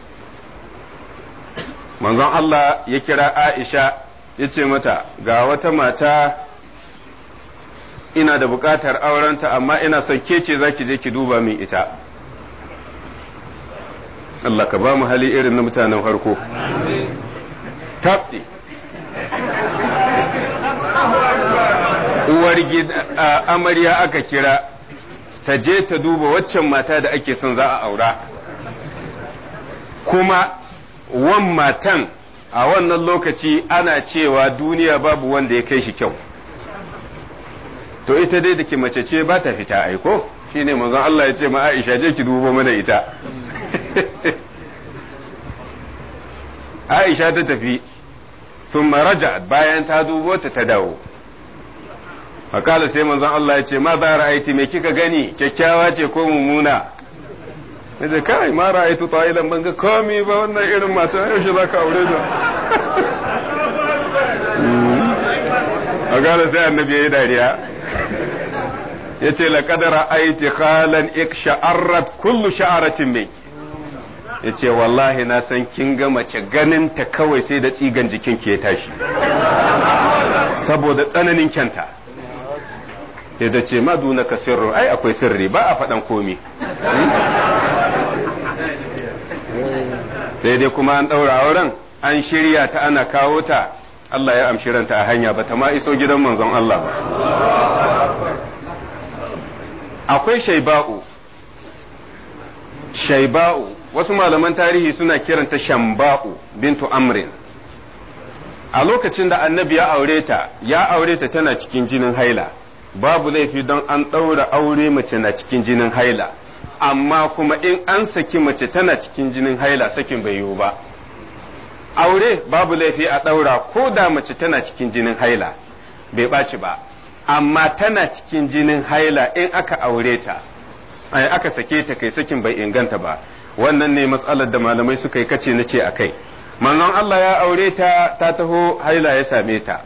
manzon Allah ya kira Aisha ya ce mata ga wata mata ina da buƙatar aurenta amma ina son ke ce za ki je ki duba min ita Allah ka ba mu hali irin na mutanen farko tabɗe uwar amarya aka kira ta je ta duba waccan mata da ake son za a aura kuma wan matan a wannan lokaci ana cewa duniya babu wanda ya kai shi kyau to ita dai da ke mace ce ba ta fita aiko shine manzon Allah ya ce ma Aisha je ki dubo mana ita Aisha ta tafi sun maraja bayan ta dubo ta ta dawo faƙala sai manzon Allah ya ce ma za ra'aiti me kika gani kyakkyawa ce ko mummuna ya ce kai ma ra'aitu ta'ilan ban ga komi ba wannan irin masu yaushe za ka aure da faƙala sai annabi ya yi dariya ya ce laƙadar ra'aiti khalan ik sha'arrat kullu sha'aratin minki ya ce wallahi na san kin ga mace ganin ta kawai sai da tsigan jikin ke tashi saboda tsananin kyanta ya da ce maduna ka sirru ai akwai sirri ba a faɗan komi sai dai kuma an ɗaura auren an shirya ta ana kawo ta Allah ya amshi ranta a hanya ba ta ma iso gidan manzon Allah ba akwai shaiba'u shaiba'u wasu malaman tarihi suna kiranta shamba'u bintu amrin a lokacin da annabi ya aure ta ya aure ta tana cikin jinin haila babu laifi don an ɗaura aure mace na cikin jinin haila amma kuma in an saki mace tana cikin jinin haila sakin bai yiwu ba aure babu laifi a ɗaura ko da mace tana cikin jinin haila bai ɓaci ba amma tana cikin jinin haila in aka aure ta aka sake ta kai sakin bai inganta ba wannan ne matsalar da malamai suka yi kace nace ce a kai manzon Allah ya aure ta ta taho haila ya same ta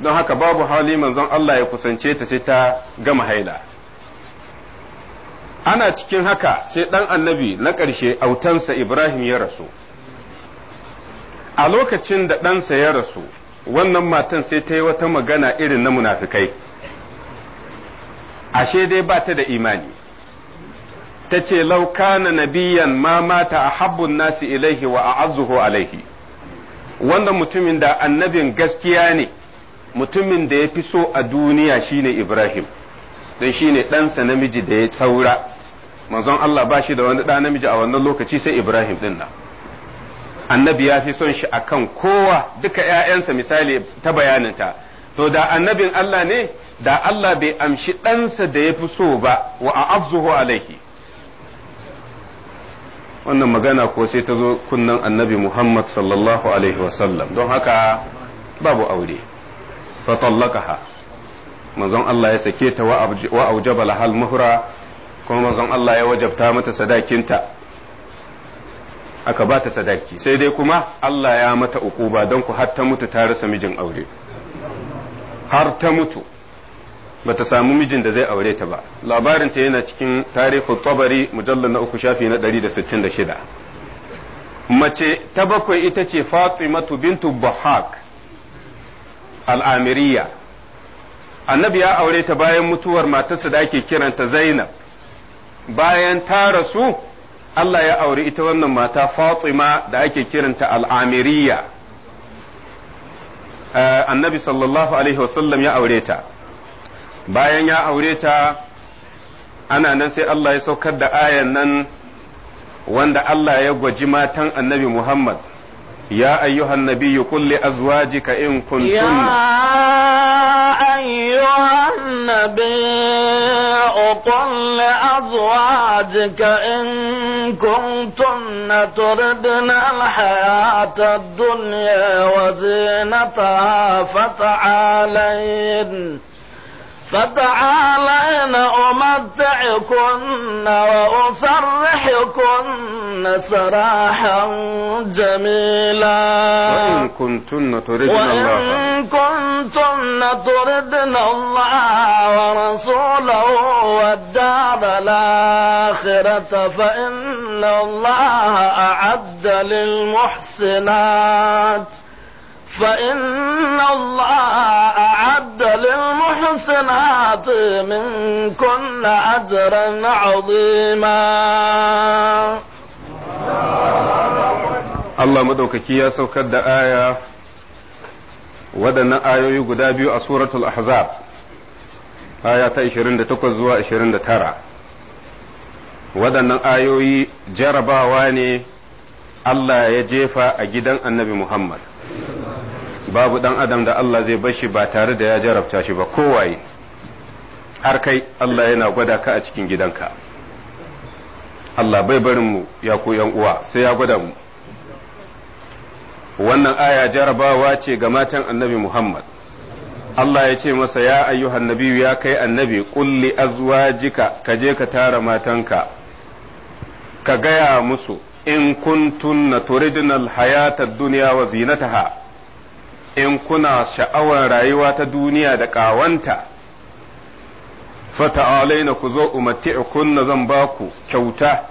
don haka babu hali manzon Allah ya kusance ta sai ta gama haila ana cikin haka sai dan annabi na ƙarshe autansa Ibrahim ya rasu a lokacin da ɗansa ya rasu wannan matan sai ta yi wata magana irin na munafikai ashe dai ba ta da imani ta ce laukana nabiyan ma mata a habbun nasi ilaihi wa a azuhu alaihi wanda mutumin da annabin gaskiya ne mutumin da ya fi so a duniya shine ibrahim don shine ɗansa namiji da ya saura manzon Allah ba shi da wani ɗa namiji a wannan lokaci sai ibrahim ɗin nan annabi ya fi son shi a kan kowa duka ‘ya'yansa misali ta bayaninta to da annabin Allah ne da Allah bai amshi ɗansa da ya fi so ba wa a alaihi wannan magana ko sai ta zo kunnan annabi Muhammad sallallahu alaihi wasallam don haka babu aure fa manzon Allah ya sake ta wa aujaba lahal muhra kuma manzon Allah ya wajabta mata sadakinta aka bata sadaki sai dai kuma Allah ya mata ukuba don ku har ta mutu ta rasa mijin aure har ta mutu bata samu mijin da zai aure ta ba ta yana cikin tarihu tabari mujallar na uku shafi na 166 mace ta bakwai ita ce fatimatu bintu bahak al'amiriya annabi ya aure ta bayan mutuwar matarsa da ake kiranta zainab bayan ta rasu Allah ya aure ita wannan mata fatima da ake kiranta al'amiriya eh, annabi sallallahu alaihi wasallam ya aure ta bayan ya aure ta ana nan sai Allah ya saukar da ayan nan wanda Allah ya gwaji matan annabi Muhammad يا أيها النبي قل لأزواجك إن كنتن يا أيها النبي قل لأزواجك إن كنتن تردن الحياة الدنيا وزينتها فتعالين فتعالين أمتعكن وأسرحكن سراحا جميلا وإن كنتن تردن وإن الله وإن كنتن تردن الله ورسوله والدار الآخرة فإن الله أعد للمحسنات فإن الله أعد للمحسنات منكن أجرا عظيما Allah Maɗaukaki ya saukar da aya waɗannan ayoyi guda biyu a suratul ahzab aya ta 28 zuwa waɗannan ayoyi jarabawa ne Allah ya jefa a gidan annabi Muhammad babu dan adam da Allah zai bar shi ba tare da ya jarabta shi ba kowaye har kai Allah yana gwada ka a cikin gidanka Allah bai barin mu ya ku uwa sai ya gwada mu wannan aya jarabawa ce ga matan annabi Muhammad Allah ya ce masa ya ayyuhan nabiyu ya kai annabi kulli azwajika ka je ka tara matanka ka gaya musu in kuntunna turidna alhayata ad-dunya wa zinataha in kuna sha'awar rayuwa ta duniya da ƙawanta ta'alaina ku zo kunna zan ba ku kyauta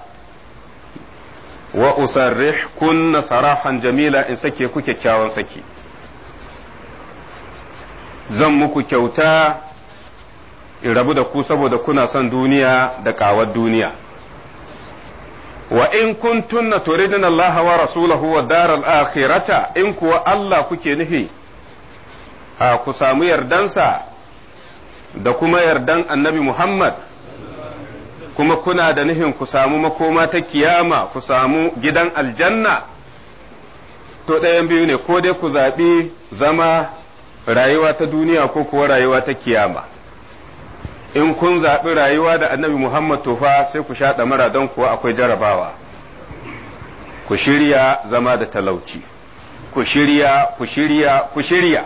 wa usarrihkunna sarahan jamila in sake ku kyakkyawan saki zan muku kyauta in rabu da ku saboda kuna son duniya da ƙawar duniya wa in kuntunna turidna Allah wa rasulahu wa daral akhirata in kuwa Allah kuke nufi a ku samu yardansa da kuma yardan annabi Muhammad kuma kuna da nufin ku samu makoma ta kiyama ku samu gidan aljanna to ɗayan biyu ne ko dai ku zaɓi zama rayuwa ta duniya ko kuwa rayuwa ta kiyama in kun zaɓi rayuwa da annabi Muhammad tofa sai ku sha ɗamara don kuwa akwai jarabawa. Ku shirya zama da talauci, ku shirya, ku shirya, ku shirya.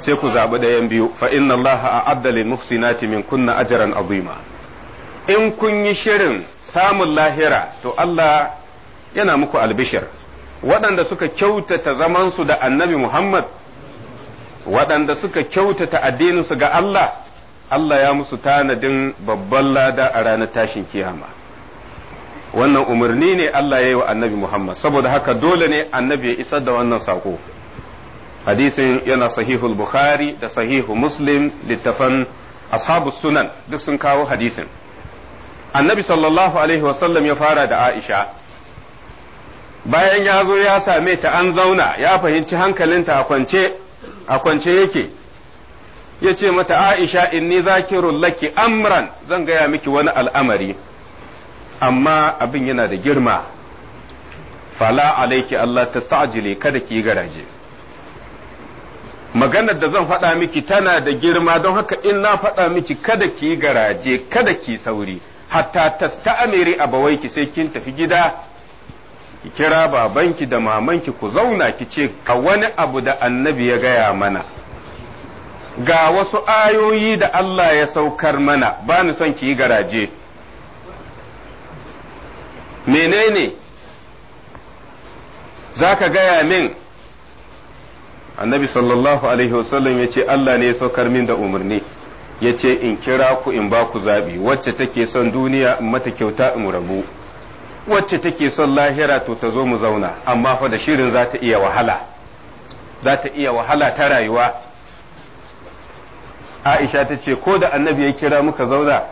Sai ku zaɓi ɗayan biyu, fa inna Allah a abdalin muhsinati min kunna ajaran azima. In kun yi shirin samun lahira, to Allah yana muku albishir. Waɗanda suka kyautata zamansu da annabi Muhammad, waɗanda suka kyautata addininsu ga Allah, Allah ya musu tanadin babban lada a ranar tashin kiyama wannan umarni ne Allah ya yi wa annabi Muhammad saboda haka dole ne annabi ya isar da wannan sako hadisin yana sahihul bukhari da sahihu muslim littafan ashabu sunan duk sun kawo hadisin annabi sallallahu alaihi wasallam ya fara da aisha bayan ya zo ya same ta an zauna ya fahimci hankalinta a kwance a kwance yake ya ce mata Aisha inni zakirun laki amran zan gaya miki wani al'amari amma abin yana da girma fala alaiki Allah ta sa’ajile kada ki garaje maganar da zan faɗa miki tana da girma don haka in na faɗa miki kada ki garaje kada ki sauri hatta ta sta'amiri abawaiki sai kin tafi gida ki kira babanki da mamanki ku zauna ki ce ka wani abu da annabi ya gaya mana ga wasu ayoyi da Allah ya saukar mana ba ni son ki yi garaje menene za ka gaya min annabi sallallahu alaihi wasallam ya ce Allah ne ya saukar min da umarni ya ce in kira ku in ba ku zaɓi wacce take son duniya in mata kyauta in rabu wacce take son lahira to ta zo mu zauna amma fa da shirin za ta iya wahala za ta iya wahala ta rayuwa Aisha ta ce ko da annabi ya kira muka zauna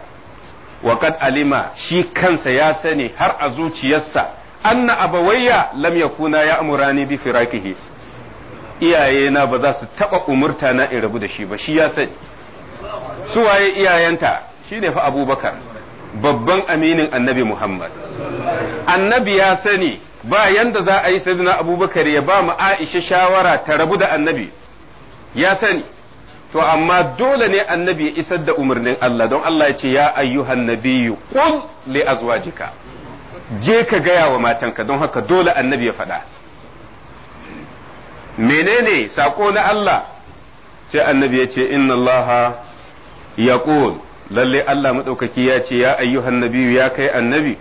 wa kad alima shi kansa ya sani har a zuciyarsa anna abawayya lam kuna ya amurani bi firaqihi iyayena ba za su taɓa umurta na in rabu da shi ba shi ya sani su waye iyayenta ne fa Abubakar babban aminin annabi Muhammad annabi ya sani ba yanda za a yi sadina Abubakar ya ba mu Aisha shawara ta rabu da annabi ya sani to amma dole ne annabi ya isar da umarnin Allah don Allah ya ce ya ayyuhan nabiyyu qul li azwajika je ka gaya wa matanka don haka dole annabi ya faɗa menene sako na Allah sai annabi ya ce inna Allah ya lalle Allah maɗaukaki ya ce ya ayyuhan nabiyyu ya kai annabi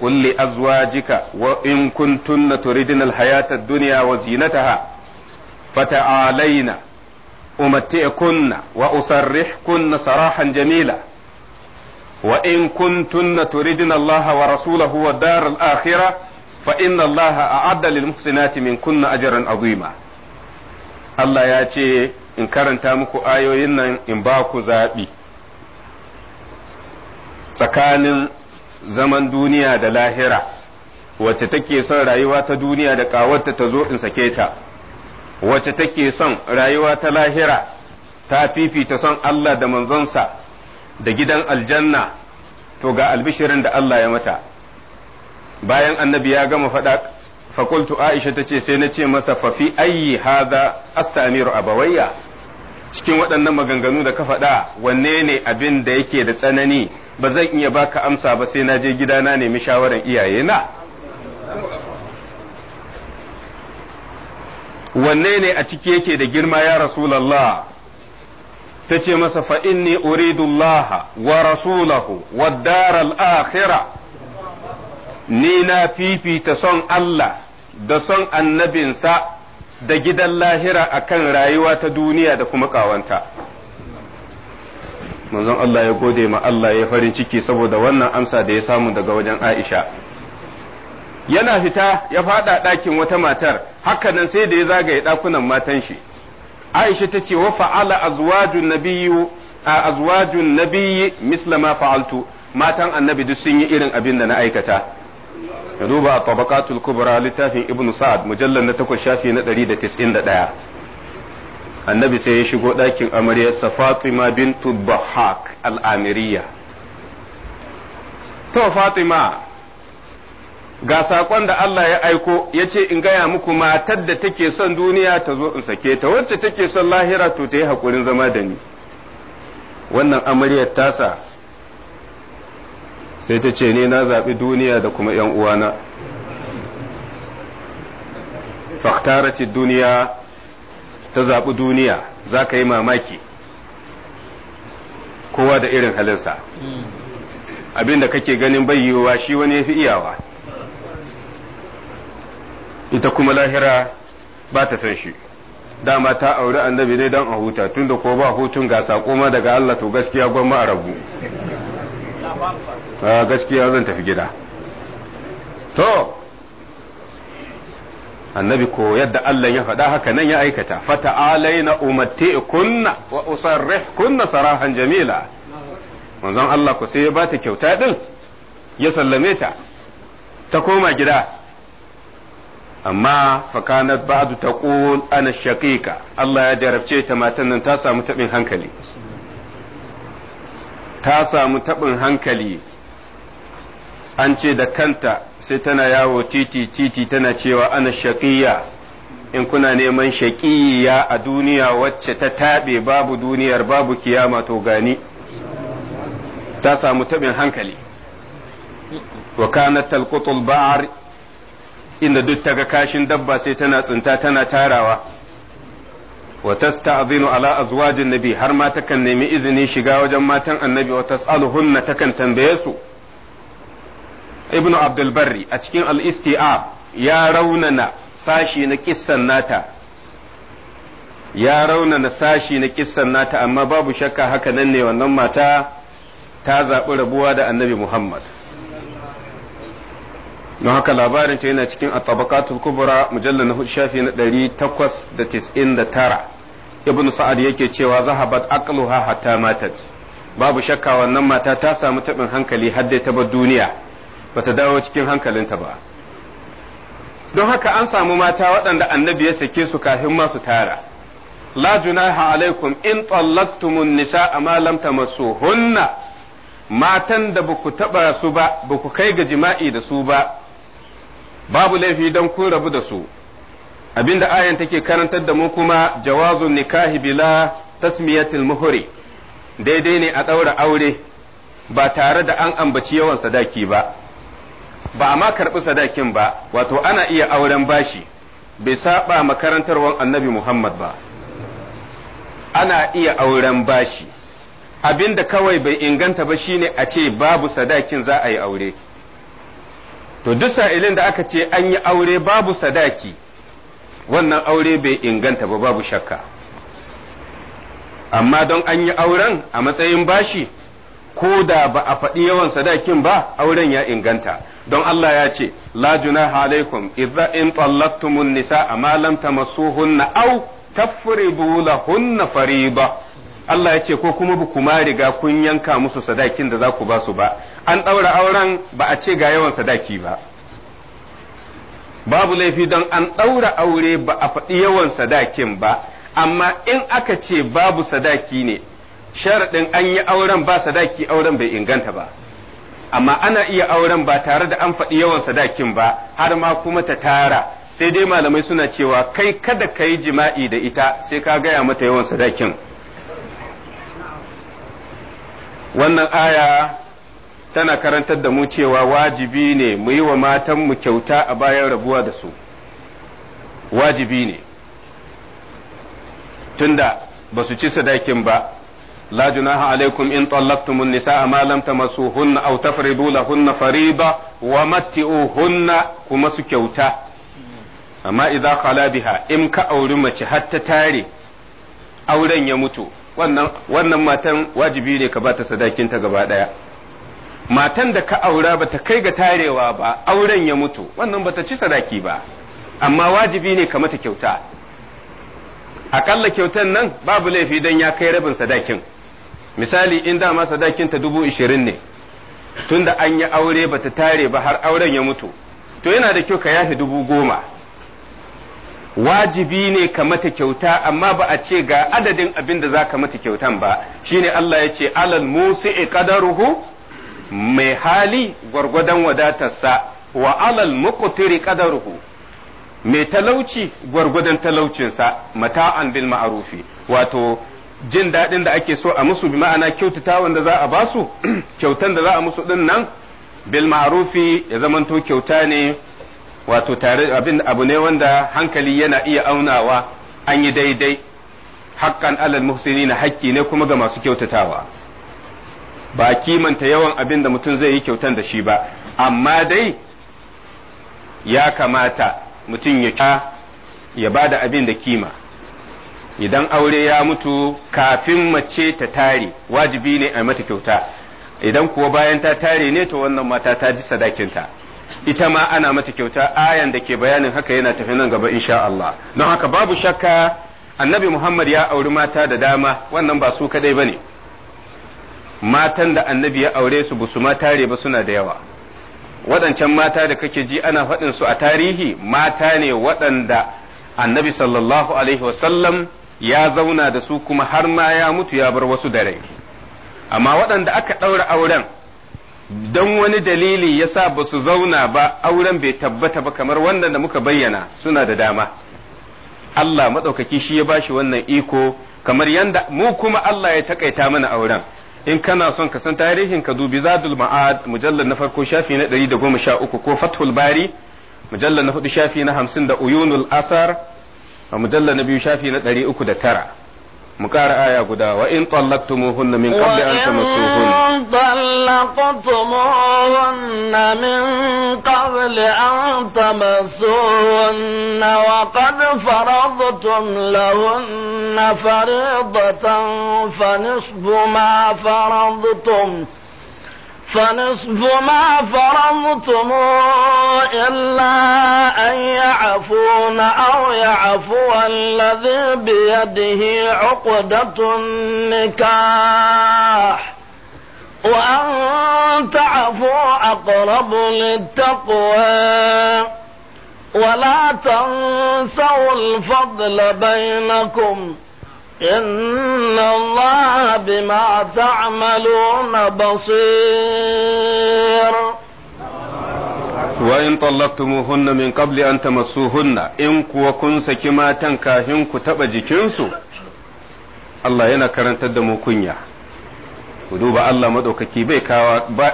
qul li azwajika wa in kuntunna turidina alhayata ad wa zinataha fata'alaina أمتئكن وأسرحكن سراحا جميلا وإن كنتن تردن الله ورسوله والدار الآخرة فإن الله أعد للمحسنات منكن أجرا عظيما الله ياتي إن كرنت مكو آيوين إن باكو زابي tsakanin zaman duniya da lahira wacce take son rayuwa ta duniya da ƙawarta ta zo in sake ta wacce take son rayuwa ta lahira ta fifita son Allah da manzonsa da gidan aljanna to ga albishirin da Allah ya mata bayan annabi ya gama faɗa fakultu aisha ta ce sai na ce masa fafi ayi haza astamiru abawayya cikin waɗannan maganganu da ka faɗa wanne ne abin da yake da tsanani ba zan iya baka amsa ba sai na je gidana nemi shawaran iyayena wanne ne a ciki yake da girma ya rasulallah ta ce masa fa inni uridullah wa rasulahu wa daral akhira ni na fifita son Allah da son annabinsa da gidan lahira a kan rayuwa ta duniya da kuma kawanta manzon Allah ya gode ma Allah ya farin ciki saboda wannan amsa da ya samu daga wajen Aisha yana fita ya fada ɗakin wata matar haka nan sai da ya zagaye ɗakunan matan shi Aisha ta ce wa fa'ala azwajun nabiyyu azwajun nabiyyi misla ma fa'altu matan annabi duk sun yi irin abin da na aikata Ruba duba a tabaqatul kubra littafin ibnu sa'ad mujallar na takwas shafi na 191 annabi sai ya shigo ɗakin amaryarsa fatima bintu bahak al'amiriya to fatima ga saƙon da Allah ya aiko ya ce in gaya muku matar da take son duniya ta zo in sake ta wacce take son lahira to ta yi haƙurin zama da ni wannan amaryar tasa sai ta ce ne na zaɓi duniya da kuma ‘yan uwana faktaraci duniya ta zaɓi duniya za ka yi mamaki kowa da irin halinsa hmm. abin da kake ganin bayyewa shi wani ya fi iyawa ita kuma lahira ba ta san shi dama ta auri annabi ne don a huta tunda ko ba hutun ga sako ma daga Allah to gaskiya gwamma a rabu ah, gaskiya zan tafi gida to annabi ko yadda Allah ya faɗa haka nan ya aikata fata alaina umatti kunna wa usarrih kunna sarahan jamila manzon Allah ku sai ya bata kyauta din ya sallame ta ta koma gida amma fakanat ba'du taqul ana shaqiqa Allah ya jarabce ta matan nan ta samu tabin hankali ta samu tabin hankali an ce da kanta sai tana yawo titi titi tana cewa ana shaqiya in kuna neman shaqiya a duniya wacce ta tabe babu duniyar babu kiyama to gani ta samu tabin hankali wa kanat ba'r inda duk ta ga kashin dabba sai tana tsinta tana tarawa wa tasta'dhinu ala azwajin nabi har ma takan nemi izini shiga wajen matan annabi wa tas'aluhunna takan tambaye su ibnu abdul barri a cikin al istia ya raunana sashi na kissan nata ya raunana sashi na kissan nata amma babu shakka haka nan ne wannan mata ta zaɓi rabuwa da annabi Muhammad don haka labarin ta yana cikin at-tabaqatul kubura mujallal na shafi na takwas da da tara ibnu sa'ad yake cewa zahabat aqluha hatta matat babu shakka wannan mata ta samu tabin hankali har dai ta bar duniya bata dawo cikin hankalinta ba don haka an samu mata waɗanda annabi ya sake su kafin ma su tara la junaha alaikum in tallaqtumun nisaa ma lam tamassuhunna matan da baku taba su ba baku kai ga jima'i da su ba babu laifi don kun rabu da su abinda ayan take karantar da mu kuma jawazun nikahi bila tasmiyatil muhuri daidai ne a ɗaura aure ba tare da an ambaci yawan sadaki ba ba a ma karɓi sadakin ba wato ana iya auren bashi bai saba makarantarwan annabi muhammad ba ana iya auren bashi abinda kawai bai inganta ba shine a ce babu sadakin za a yi aure to duk sa'ilin da aka ce an yi aure babu sadaki wannan aure bai inganta ba babu shakka amma don an yi auren a matsayin bashi ko da ba a faɗi yawan sadakin ba auren ya inganta don Allah ya ce la junaha alaikum idza in tallaqtumun nisaa ma lam tamassuhunna aw tafridu lahunna fariba Allah ya ce ko kuma ba kuma riga kun yanka musu sadakin da za ku ba su ba an ɗaura auren ba a ce ga yawan sadaki ba babu laifi don an ɗaura aure ba a faɗi yawan sadakin ba amma in aka ce babu sadaki ne sharaɗin an yi auren ba sadaki auren bai inganta ba amma ana iya auren ba tare da an faɗi yawan sadakin ba har ma kuma ta tara sai dai malamai suna cewa kai kada ka yi jima'i da ita sai ka gaya mata yawan sadakin wannan aya tana karantar da mu cewa wajibi ne mu yi wa matanmu kyauta a bayan rabuwa da su wajibi ne tunda ba su ci sadakin ba la junaha alaikum in an nisaa ma lam tamassuhunna aw tafridu lahunna fariida wa matti'uhunna kuma su kyauta amma idza khala biha in ka auri mace har ta tare auren ya mutu wannan wannan matan wajibi ne ka ba ta sadakinta gaba daya matan da ka aura bata kai ga tarewa ba auren ya mutu wannan bata ci sadaki ba amma wajibi ne ka mata kyauta akalla kyautan nan babu laifi dan ya kai rabin sadakin misali in dama sadakin ta dubu ishirin ne tunda an yi aure bata tare ba har auren ya mutu to yana da kyau ka yafi dubu goma wajibi ne ka mata kyauta amma ba a ce ga adadin abin da za ka mata kyautan ba shine Allah ya ce alal musi qadaruhu mai hali gwargwadon wadatarsa wa alal muƙutiri ƙadaruhu mai talauci gwargwadon talaucinsa mata'an bil ma'arufi wato jin daɗin da ake so a musu bi ma'ana kyautata wanda za a basu kyautan da za a musu ɗin nan bil ma'arufi ya zamanto kyauta ne wato tare abu ne wanda hankali yana iya aunawa an yi daidai haƙƙan alal na hakki ne kuma ga masu kyautatawa ba kimanta yawan abin da mutum zai yi kyautan da shi ba amma dai ya kamata mutum ya ya ba da abin da kima idan aure ya mutu kafin mace ta tare wajibi ne a mata kyauta idan kuwa bayan ta tare ne to wannan mata ta ji sadakinta ita ma ana mata kyauta ayan da ke bayanin haka yana tafi nan gaba insha Allah don haka babu shakka annabi Muhammad ya auri mata da dama wannan ba su kadai bane matan da annabi ya aure su busu ma tare ba suna da yawa waɗancan mata da kake ji ana faɗin su a tarihi mata ne waɗanda annabi sallallahu alaihi wasallam ya zauna da su kuma har ma ya mutu ya bar wasu da rai amma waɗanda aka ɗaura auren don wani dalili ya sa ba su zauna ba auren bai tabbata ba kamar wannan da muka bayyana suna da dama Allah maɗaukaki shi ya bashi wannan iko kamar yanda mu kuma Allah ya taƙaita mana auren in kana son ka san tarihin ka dubi zadul ma'ad mujallar na farko shafi na 113 ko fathul bari mujallar na hudu shafi na 50 da uyunul asar mujallar na biyu shafi na 309 مكار آية قدا وإن طلقتموهن من قبل أن تمسوهن وإن طلقتموهن من قبل أن تمسوهن وقد فرضتم لهن فريضة فنصف ما فرضتم فنصف ما فرضتم إلا أن يعفون أو يعفو الذي بيده عقدة النكاح وأن تعفوا أقرب للتقوى ولا تنسوا الفضل بينكم إن الله بما تعملون بصير وإن طلقتموهن من قبل أن تمسوهن إن كوكن سكما تنكاهن كتب كنسو الله ينا كرنت الدمو كنيا duba Allah maɗaukaki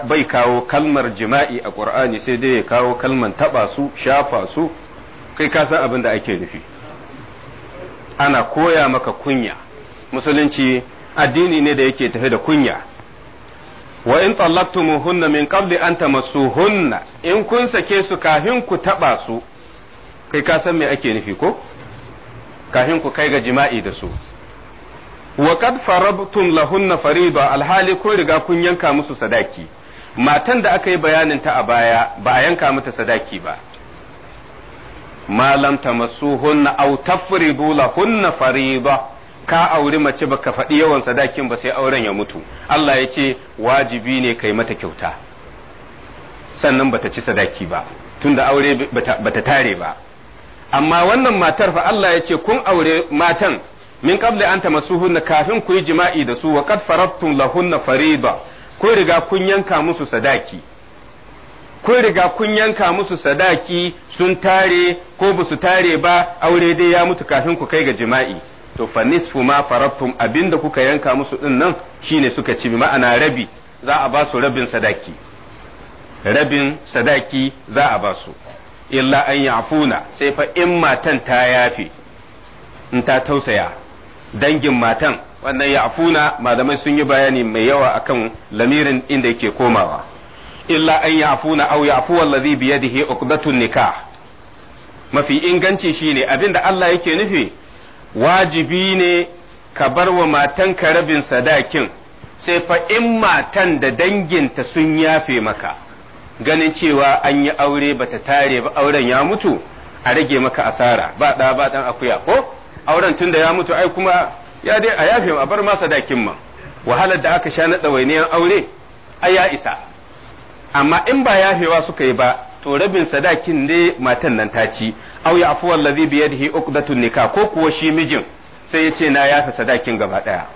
bai kawo kalmar jima'i a ƙur'ani, sai dai ya kawo kalmar taɓa su shafa su kai ka abin da ake nufi ana koya maka kunya musulunci addini ne da yake tafi da kunya wa in tsallaktumuhunna min qabli an tamassuhunna in kun sake su kafin ku taba su kai ka san me ake nufi ko kafin ku kai ga jima'i da su wa qad farabtum lahunna farida alhali ko riga kun yanka musu sadaki matan da aka yi bayanin ta a baya ba a yanka mata sadaki ba ma lam tamassuhunna aw tafridu lahunna fariida ka auri mace baka faɗi yawan sadakin ba sai auren ya mutu Allah ya ce wajibi ne kai mata kyauta sannan bata ci sadaki ba tunda aure bata tare ba amma wannan matar fa Allah ya ce kun aure matan min qabli an tamassuhunna kafin ku yi jima'i da su wa qad faradtum lahunna fariida ko riga kun yanka musu sadaki kun riga kun yanka musu sadaki sun tare ko ba su tare ba aure dai ya mutu kafin ku kai ga jima'i to fa nisfu ma farattum abinda kuka yanka musu din nan shine suka ci ma'ana rabi za a ba su rabin sadaki rabin sadaki za a ba su illa an yafuna sai fa in matan ta yafe in ta tausaya dangin matan wannan yafuna malamai sun yi bayani mai yawa akan lamirin inda yake komawa illa an na aw yafu allazi bi yadihi uqdatun nikah mafi inganci shine abinda Allah yake nufi wajibi ne ka bar wa ka rabin sadakin sai fa in matan da danginta sun yafe maka ganin cewa an yi aure bata tare ba auren ya mutu a rage maka asara ba da ba dan akuya ko auren tunda ya mutu ai kuma ya dai a yafe a bar ma sadakin ma wahalar da aka sha na ɗawainiyar aure ai ya isa amma in ba yafewa suka yi ba to rabin sadakin ne matan nan ta ci aw ya afu wallazi bi yadihi uqdatun nikah ko kuwa shi mijin sai ya ce na yafe sadakin gaba daya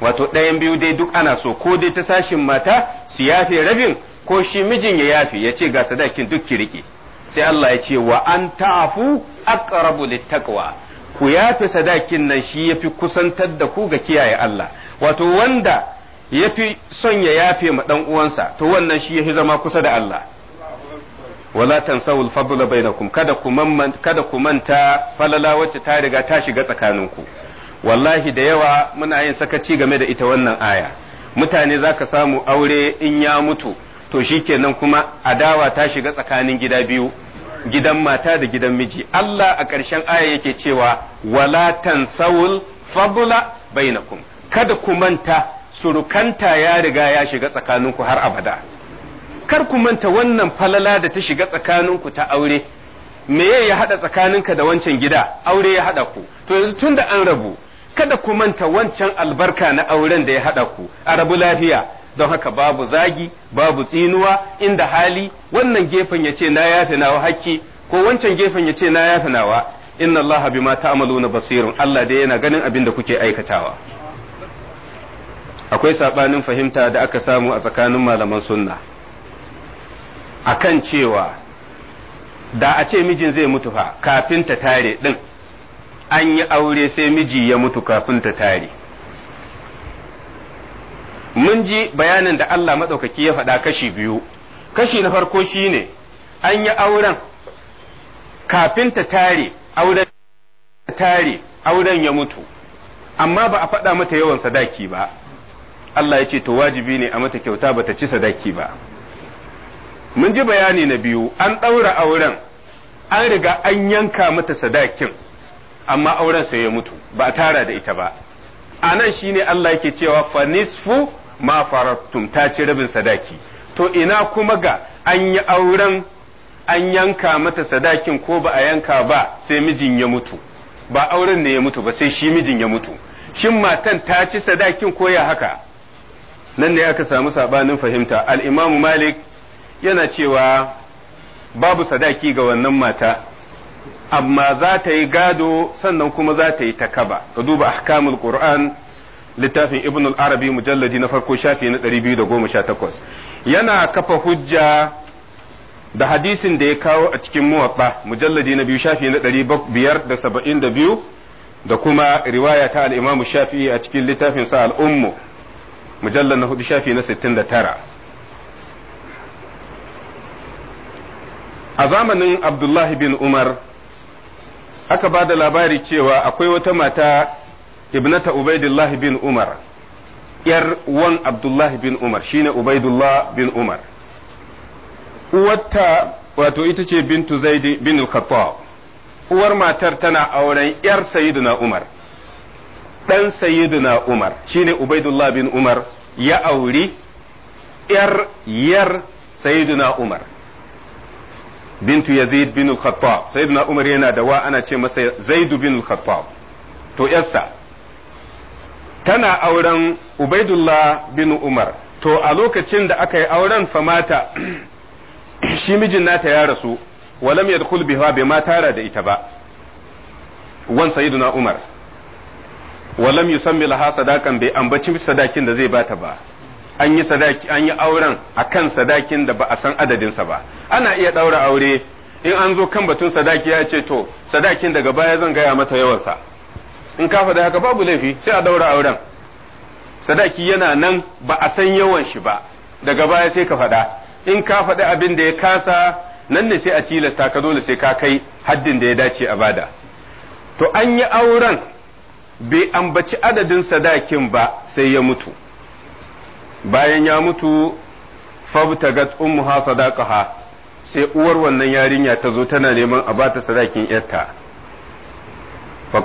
wato ɗayan biyu dai duk ana so ko dai ta sashin mata su yafe rabin ko shi mijin ya yafe ya ce ga sadakin duk ki rike sai Allah ya ce wa an tafu aqrabu littaqwa ku yafe sadakin nan shi yafi kusantar da ku ga kiyaye Allah wato wanda ya fi son ya yafe ma ɗan uwansa to wannan shi yafi zama kusa da Allah wala Sawul fadla bainakum kada ku kada ku manta falala wacce ta riga ta shiga tsakaninku wallahi da yawa muna yin sakaci game da ita wannan aya mutane zaka samu aure in ya mutu to shikenan kuma adawa ta shiga tsakanin gida biyu gidan mata da gidan miji Allah a ƙarshen aya yake cewa wala tansawul fadla bainakum kada ku manta surukanta ya riga ya shiga tsakaninku har abada kar ku manta wannan falala da ta shiga tsakaninku ta aure meye ya haɗa tsakaninka da wancan gida aure ya haɗa ku to yanzu tun da an rabu kada ku manta wancan albarka na auren da ya haɗa ku a rabu lafiya don haka babu zagi babu tsinuwa inda hali wannan gefen ya ce na yafe nawa hakki ko wancan gefen ya ce na yafe nawa inna allaha bima ta'maluna basirun allah dai yana ganin abin da kuke aikatawa akwai saɓanin fahimta da aka samu a tsakanin malaman sunna akan cewa da a ce mijin zai mutu fa kafin ta tare din an yi aure sai miji ya mutu kafin ta tare mun ji bayanin da Allah maɗaukaki ya faɗa kashi biyu kashi na farko shine an yi auren kafin ta tare auren tare auren ya mutu amma ba a faɗa mata yawan sadaki ba Allah ya ce to wajibi ne a mata kyauta bata ci sadaki ba mun ji bayani na biyu an ɗaura auren an riga an yanka mata sadakin amma auren sai ya mutu ba tara da ita ba a nan shine Allah yake cewa fa nisfu ma farattum ta ci rabin sadaki to ina kuma ga an yi auren an yanka mata sadakin ko ba a yanka ba sai mijin ya mutu ba auren ne ya mutu ba sai shi mijin ya mutu shin matan ta ci sadakin ko ya haka nan ne aka samu sabanin fahimta al-imam malik yana cewa babu sadaki ga wannan mata amma za ta yi gado sannan kuma za ta yi takaba ka duba ahkamul qur'an littafin ibn al-arabi mujalladi na farko shafi na 218 yana kafa hujja da hadisin da ya kawo a cikin muwatta mujalladi na biyu shafi na 572 da kuma riwaya ta al-imam shafi'i a cikin littafin sa al-ummu mujallar na hudu shafi na 69 a zamanin abdullahi bin umar aka ba da labari cewa akwai wata mata ibnata ubaidullahi bin umar yar wan abdullahi bin umar shine ubaidullah bin umar uwarta wato ita ce bintu zaidi bin khattab uwar matar tana auren yar Sayyidina umar ɗan sayyiduna Umar shine Ubaidullah bin Umar ya auri ‘yar yar sayyiduna Umar bintu Yazid bin al-Khattab sayyiduna Umar yana da wa ana ce masa Zaidu bin al-Khattab to ‘yarsa tana auren Ubaidullah bin Umar to a lokacin da aka yi auren famata shi mijin nata ya rasu walam yadkhul biha bai ma tara da ita ba wan sayyiduna Umar walam yusammi laha sadakan bai ambaci sadakin da zai bata ba an yi sadaki an yi auren akan sadakin da ba a san adadin sa ba ana iya daura aure in an zo kan batun sadaki ya ce to sadakin daga baya zan gaya mata yawansa in ka faɗa haka babu laifi sai a daura auren sadaki yana nan ba a san yawan shi ba daga baya sai ka faɗa in ka faɗi abin da ya kasa nan ne sai a tilasta ka dole sai ka kai haddin da ya dace a bada to an yi auren bai ambaci adadin sadakin ba sai ya mutu bayan ya mutu fabtagat ummuha sadaqaha sai uwar wannan yarinya ta zo tana neman a bata sadakin yarta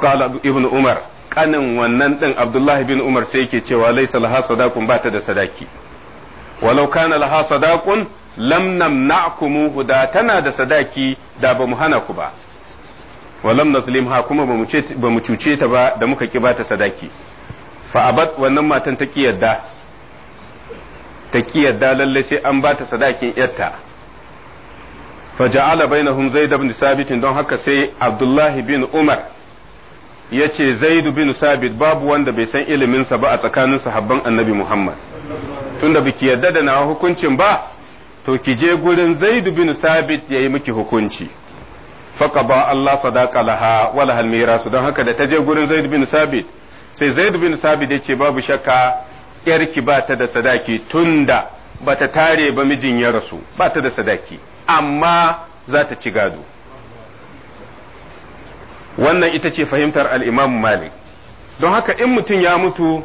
qala ibnu umar kanin wannan din abdullahi bin umar sai yake cewa laysa laha sadaqun bata da sadaki walau kana laha sadaqun lam namna'kumuhu da tana da sadaki da ba mu hana ku ba walam ha kuma ba mu cuce ta ba da muka ki bata sadaki fa abad wannan matan ta kiyarda ta kiyarda lalle sai an bata sadakin yarta fa ja'ala bainahum zaid ibn sabit don haka sai abdullahi bin umar ya ce zaidu bin sabit babu wanda bai san iliminsa ba a tsakanin sahabban annabi muhammad tunda biki yarda da nawa hukuncin ba to ki je gurin zaid bin sabit ya yi miki hukunci faqaba Allah sadaka laha wa lahal mirasu don haka da ta je gurin Zaid bin Sabit sai Zaid bin Sabit ce babu shakka yarki ba ta da sadaki tunda ta tare ba mijin ya rasu ba ta da sadaki amma za ta ci gado wannan ita ce fahimtar al-Imam Malik don haka in mutum ya mutu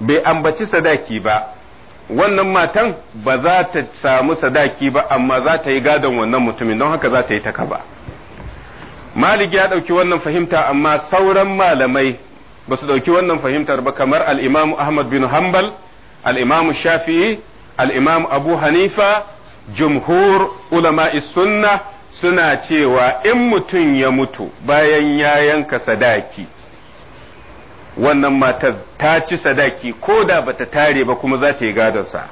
bai ambaci sadaki ba wannan matan ba za ta samu sadaki ba amma za ta yi gadon wannan mutumin don haka za ta yi takaba. malik ya ɗauki wannan fahimta amma sauran malamai ba su ɗauki wannan fahimtar ba kamar al'imamu ahmad bin hanbal al'imamu shafi'i al'imamu abu hanifa jumhur ulama'i sunna suna cewa in mutum ya mutu bayan ya yanka sadaki wannan matar ta ci sadaki ko da bata tare ba kuma za ta yi gadonsa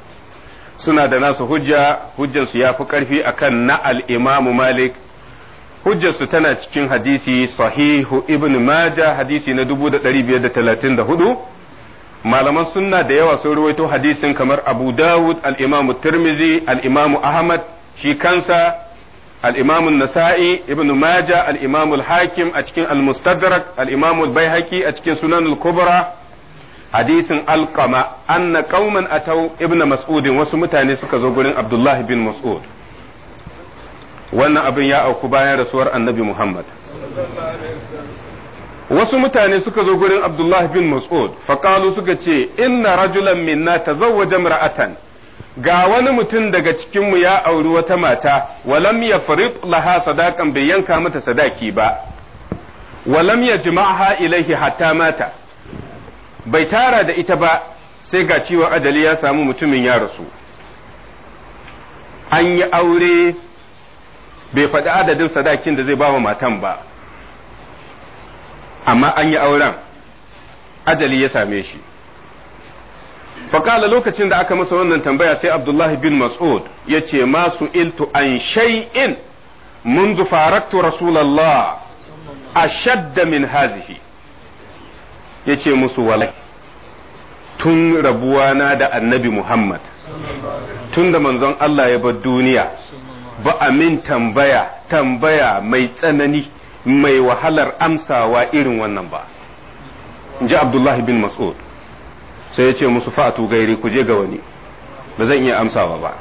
suna da nasu hujja hujjansu ya fi ƙarfi akan na al'imamu malik hujjarsu tana cikin hadisi sahihu ibn maja hadisi na 1534 malaman sunna da yawa sun ruwaito hadisin kamar abu dawud al-imamu tirmizi alimamu ahmad shi kansa nasa'i ibn maja Al'imamu hakim a cikin al-mustadrak Al'imamu imamu a cikin sunan al-kubra hadisin alkama anna qauman atau ibn mas'udin wasu mutane suka zo gurin abdullahi bin mas'ud wannan abin ya auku bayan rasuwar annabi Muhammad. Wasu mutane suka zo gurin Abdullah bin Mas'ud, faƙalu suka ce, Inna rajulan minna ta wajen ra'atan ga wani mutum daga cikinmu ya auri wata mata, walam ya farid laha sadakan bai yanka mata sadaki ba, walam ya jima'aha ilaihi hatta mata, bai tara da ita ba sai ga cewa adali ya samu mutumin ya rasu. An yi aure bai faɗi adadin sadakin da zai ba wa matan ba amma an yi auren ajali ya same shi faƙala lokacin da aka masa wannan tambaya sai abdullahi bin mas'ud ya ce masu iltu an shay'in منذ فارقت رسول الله أشد من هذه yace musu walai tun na da annabi Muhammad Tunda manzon Allah ya bar duniya ba a min tambaya tambaya mai tsanani mai wahalar amsawa irin wannan ba in ji abdullahi bin mas'ud sai ya ce musu fa'atu gairi ku je ga wani ba zan iya amsawa ba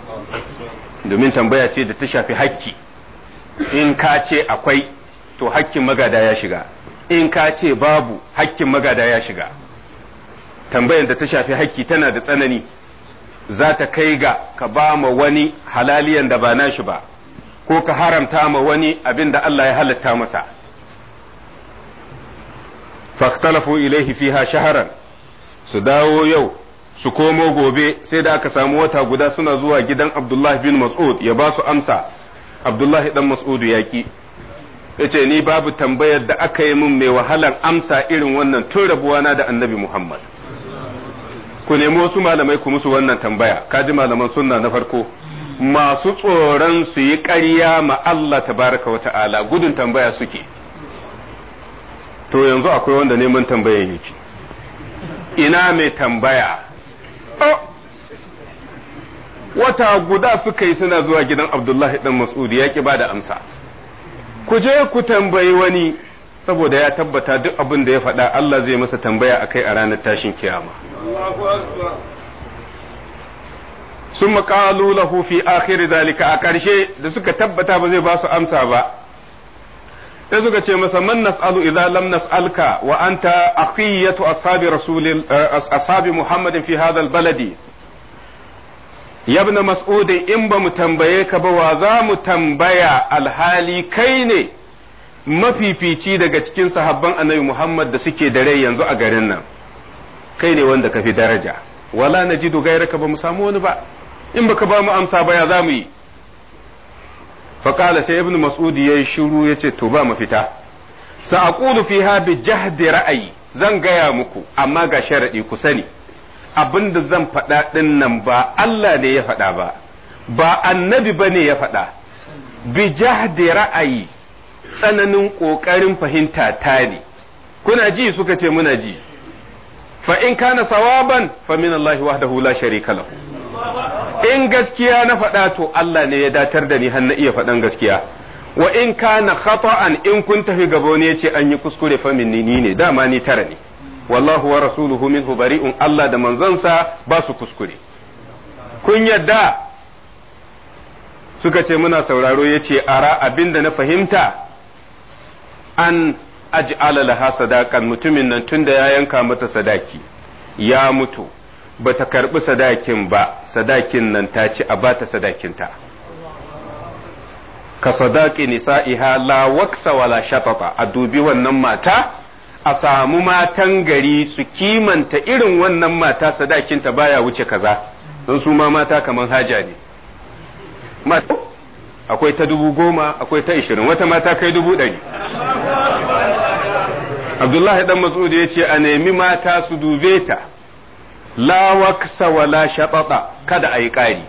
domin tambaya ce da ta shafi hakki in ka ce akwai to hakkin magada ya shiga in ka ce babu hakkin magada ya shiga tambayar da ta shafi hakki tana da tsanani za ta kai ga ka ba ma wani halaliyan da ba nashi ba ko ka haramta ma wani abin da Allah ya halatta masa faktalafu ilaihi fiha shaharan su dawo yau su komo gobe sai da aka samu wata guda suna zuwa gidan abdullahi bin mas'ud ya ba su amsa abdullahi dan Mas'udu ya ki yace ni babu tambayar da aka yi min mai wahalan amsa irin wannan tun rabuwa na da annabi muhammad ku nemi wasu malamai ku musu wannan tambaya kaji malaman sunna na farko masu tsoron su yi ƙarya ma Allah tabaraka wa ta'ala gudun tambaya suke to yanzu akwai wanda neman tambayan yake ina mai tambaya wata guda suka yi suna zuwa gidan abdullahi dan mas'udi ya ƙi ba da amsa ku je ku tambayi wani saboda ya tabbata duk abin da ya faɗa Allah zai masa tambaya akai a ranar tashin kiyama sun makalu lahu fi akhir zalika a ƙarshe da suka tabbata ba zai ba su amsa ba sai suka ce masa man nas'alu idza lam nas'alka wa anta akhiyatu ashabi rasulil eh, ashabi muhammadin fi hadha baladi yabna mas'ud in ba mu tambaye ka ba wa za mu tambaya alhali kai ne mafifici daga cikin sahabban annabi muhammad da suke da rai yanzu a garin nan kai ne wanda ka fi daraja wala na najidu ka ba mu samu wani ba in baka ba mu amsa ba ya mu yi faƙala sai ibnu Mas'udi ya yi shiru ya ce to ba mu mafita sa'aqulu fiha bi jahdi ra'ayi zan gaya muku amma ga sharadi ku sani abinda zan faɗa ɗin nan ba Allah ne ya faɗa ba ba annabi ba ne ya faɗa bi jahdi ra'ayi tsananin ƙoƙarin fahimta ta ne kuna ji suka ce muna ji fa in kana sawaban fa min Allah wahdahu la sharika lahu in gaskiya na faɗa to Allah ne ya datar da ni har na iya faɗan gaskiya wa in kana khata'an in kun tafi gabo ne yace an yi kuskure fa min ni ne dama ni tara ne wallahu wa rasuluhu minhu bari'un Allah da manzansa ba su kuskure kun yadda suka ce muna sauraro yace ara abinda na fahimta an aj'ala laha sadaqan mutumin nan tunda ya yanka mata sadaki ya mutu bata karbi sadakin ba sadakin nan ta ci a bata sadakinta ka sadaqi nisa'iha la waksa wala shatata a dubi wannan mata a samu matan gari su kimanta irin wannan mata sadakinta baya wuce kaza don su ma mata kaman haja ne akwai ta dubu goma akwai ta ishirin wata mata kai dubu ɗari abdullahi dan mas'ud ya ce a nemi mata su dube ta la waksa wala shatata kada a yi ƙari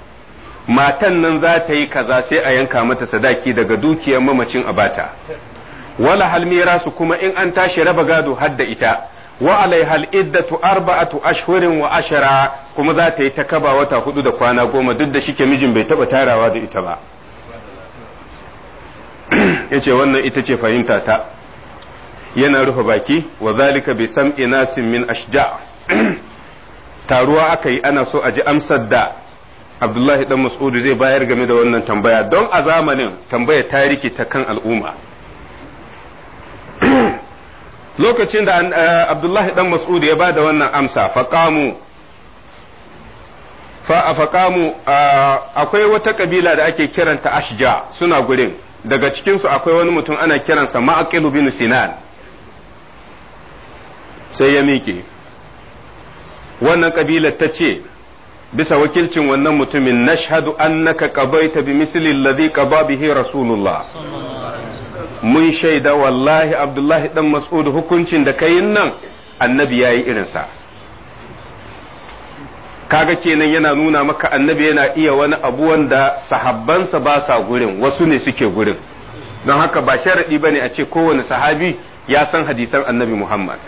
matan nan za ta yi kaza sai a yanka mata sadaki daga dukiyar mamacin abata. bata wala halmira su kuma in an tashi raba gado har da ita wa alaihal iddatu arba'atu ashhurin wa ashara kuma za ta yi ta wata hudu da kwana goma duk da shike mijin bai taba tarawa da ita ba yace wannan ita ce fahimta ta yana rufe baki wa zalika bi sam'i nasin min ashja taruwa aka yi ana so a ji amsar da abdullahi dan mas'udu zai bayar game da wannan tambaya don a zamanin tambaya tarihi ta kan al'umma lokacin da eh, abdullahi dan mas'udu ya ba da wannan amsa faqamu fa faqamu eh, akwai wata kabila da ake kiranta ashja suna gurin daga cikinsu akwai wani mutum ana kiransa ma'aqilu bin sinan sai ya miƙe wannan ƙabilar ta ce bisa wakilcin wannan mutumin nashhadu annaka qabaita bi misli alladhi qaba bihi rasulullah mun shaida wallahi abdullahi dan mas'ud hukuncin da yi nan annabi yayi irinsa kaga kenan yana nuna maka annabi yana iya wani abu wanda sahabbansa ba sa gurin wasu ne suke gurin don haka ba ba ne a ce kowane sahabi ya san hadisan annabi muhammad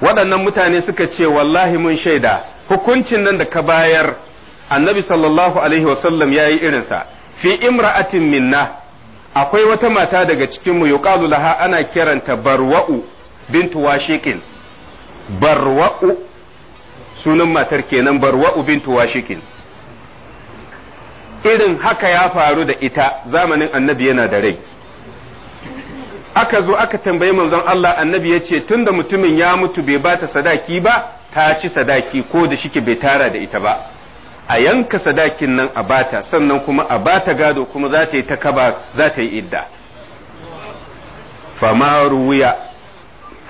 waɗannan mutane suka ce wallahi mun shaida hukuncin nan da ka bayar annabi sallallahu alaihi wasallam ya yi irinsa fi imra'atin minna akwai wata mata daga cikinmu yuqalu laha ana kiranta barwa'u bintu washikin. barwa'u sunan matar kenan barwa'u bintu washikin irin haka ya faru da ita zamanin annabi yana da rai aka zo aka tambayi manzon Allah annabi ya ce tun da mutumin ya mutu bai bata sadaki ba ta ci sadaki ko da shike bai tara da ita ba a yanka sadakin nan a bata sannan kuma a bata gado kuma za ta yi ta kaba za ta yi idda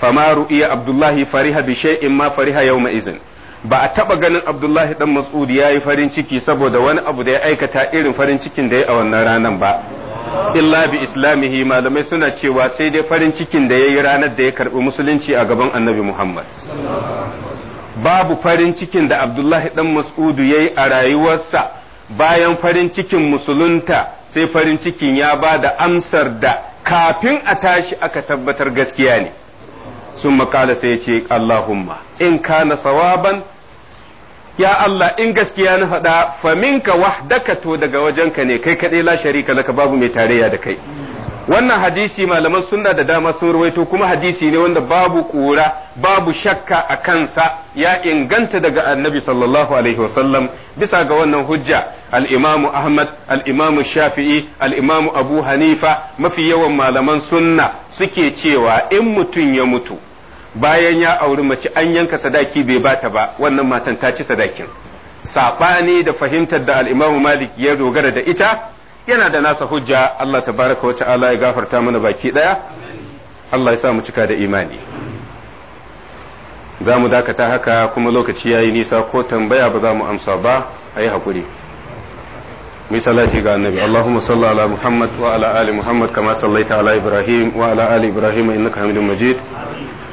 fama iya abdullahi fariha bi shay'in ma fariha yawma izin ba a taba ganin abdullahi dan ya yi farin ciki saboda wani abu da ya aikata irin farin cikin da ya a wannan ranan ba illa bi islamihi malamai suna cewa sai dai farin cikin da yayi ranar da ya karbi musulunci a gaban annabi Muhammad babu farin cikin da Abdullahi dan Mas'udu yayi a rayuwarsa bayan farin cikin musulunta sai farin cikin ya ba da amsar da kafin a tashi aka tabbatar gaskiya ne sun makala sai ce Allahumma in kana sawaban ya Allah in gaskiya na faɗa faminka wahdaka to daga wajenka ne kai kaɗai la sharika laka babu mai tarayya da kai wannan hadisi malaman sunna da dama sun ruwaito kuma hadisi ne wanda babu kura babu shakka a kansa ya inganta daga annabi sallallahu alaihi wasallam bisa ga wannan hujja al-imamu ahmad al-imamu shafi'i al-imamu abu hanifa mafi yawan malaman sunna suke cewa in mutum ya mutu bayan ya auri mace an yanka sadaki bai bata ba wannan matan ta ci sadakin saɓani da fahimtar da al'imamu malik ya dogara da ita yana da nasa hujja Allah baraka wa ta'ala ya gafarta mana baki ɗaya Allah ya sa mu cika da imani za mu dakata haka kuma lokaci ya yi nisa ko tambaya ba za mu amsa ba a yi haƙuri misalati ga annabi Allahumma salli ala Muhammad wa ala ali Muhammad kama sallaita ala Ibrahim wa ala ali Ibrahim innaka Hamidum Majid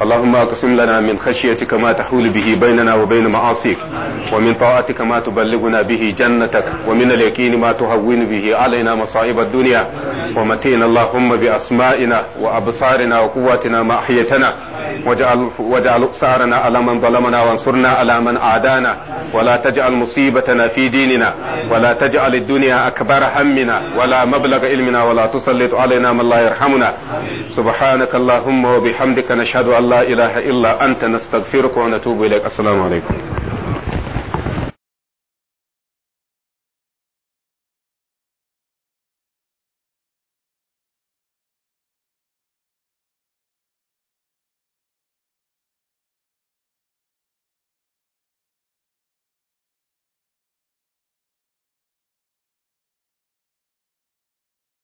اللهم اقسم لنا من خشيتك ما تحول به بيننا وبين معاصيك ومن طاعتك ما تبلغنا به جنتك ومن اليقين ما تهون به علينا مصائب الدنيا ومتينا اللهم بأسمائنا وأبصارنا وقواتنا ما أحيتنا واجعل, واجعل سعرنا على من ظلمنا وانصرنا على من عادانا ولا تجعل مصيبتنا في ديننا ولا تجعل الدنيا أكبر همنا ولا مبلغ علمنا ولا تسلط علينا من لا يرحمنا سبحانك اللهم وبحمدك نشهد أن لا إله إلا أنت نستغفرك ونتوب إليك السلام عليكم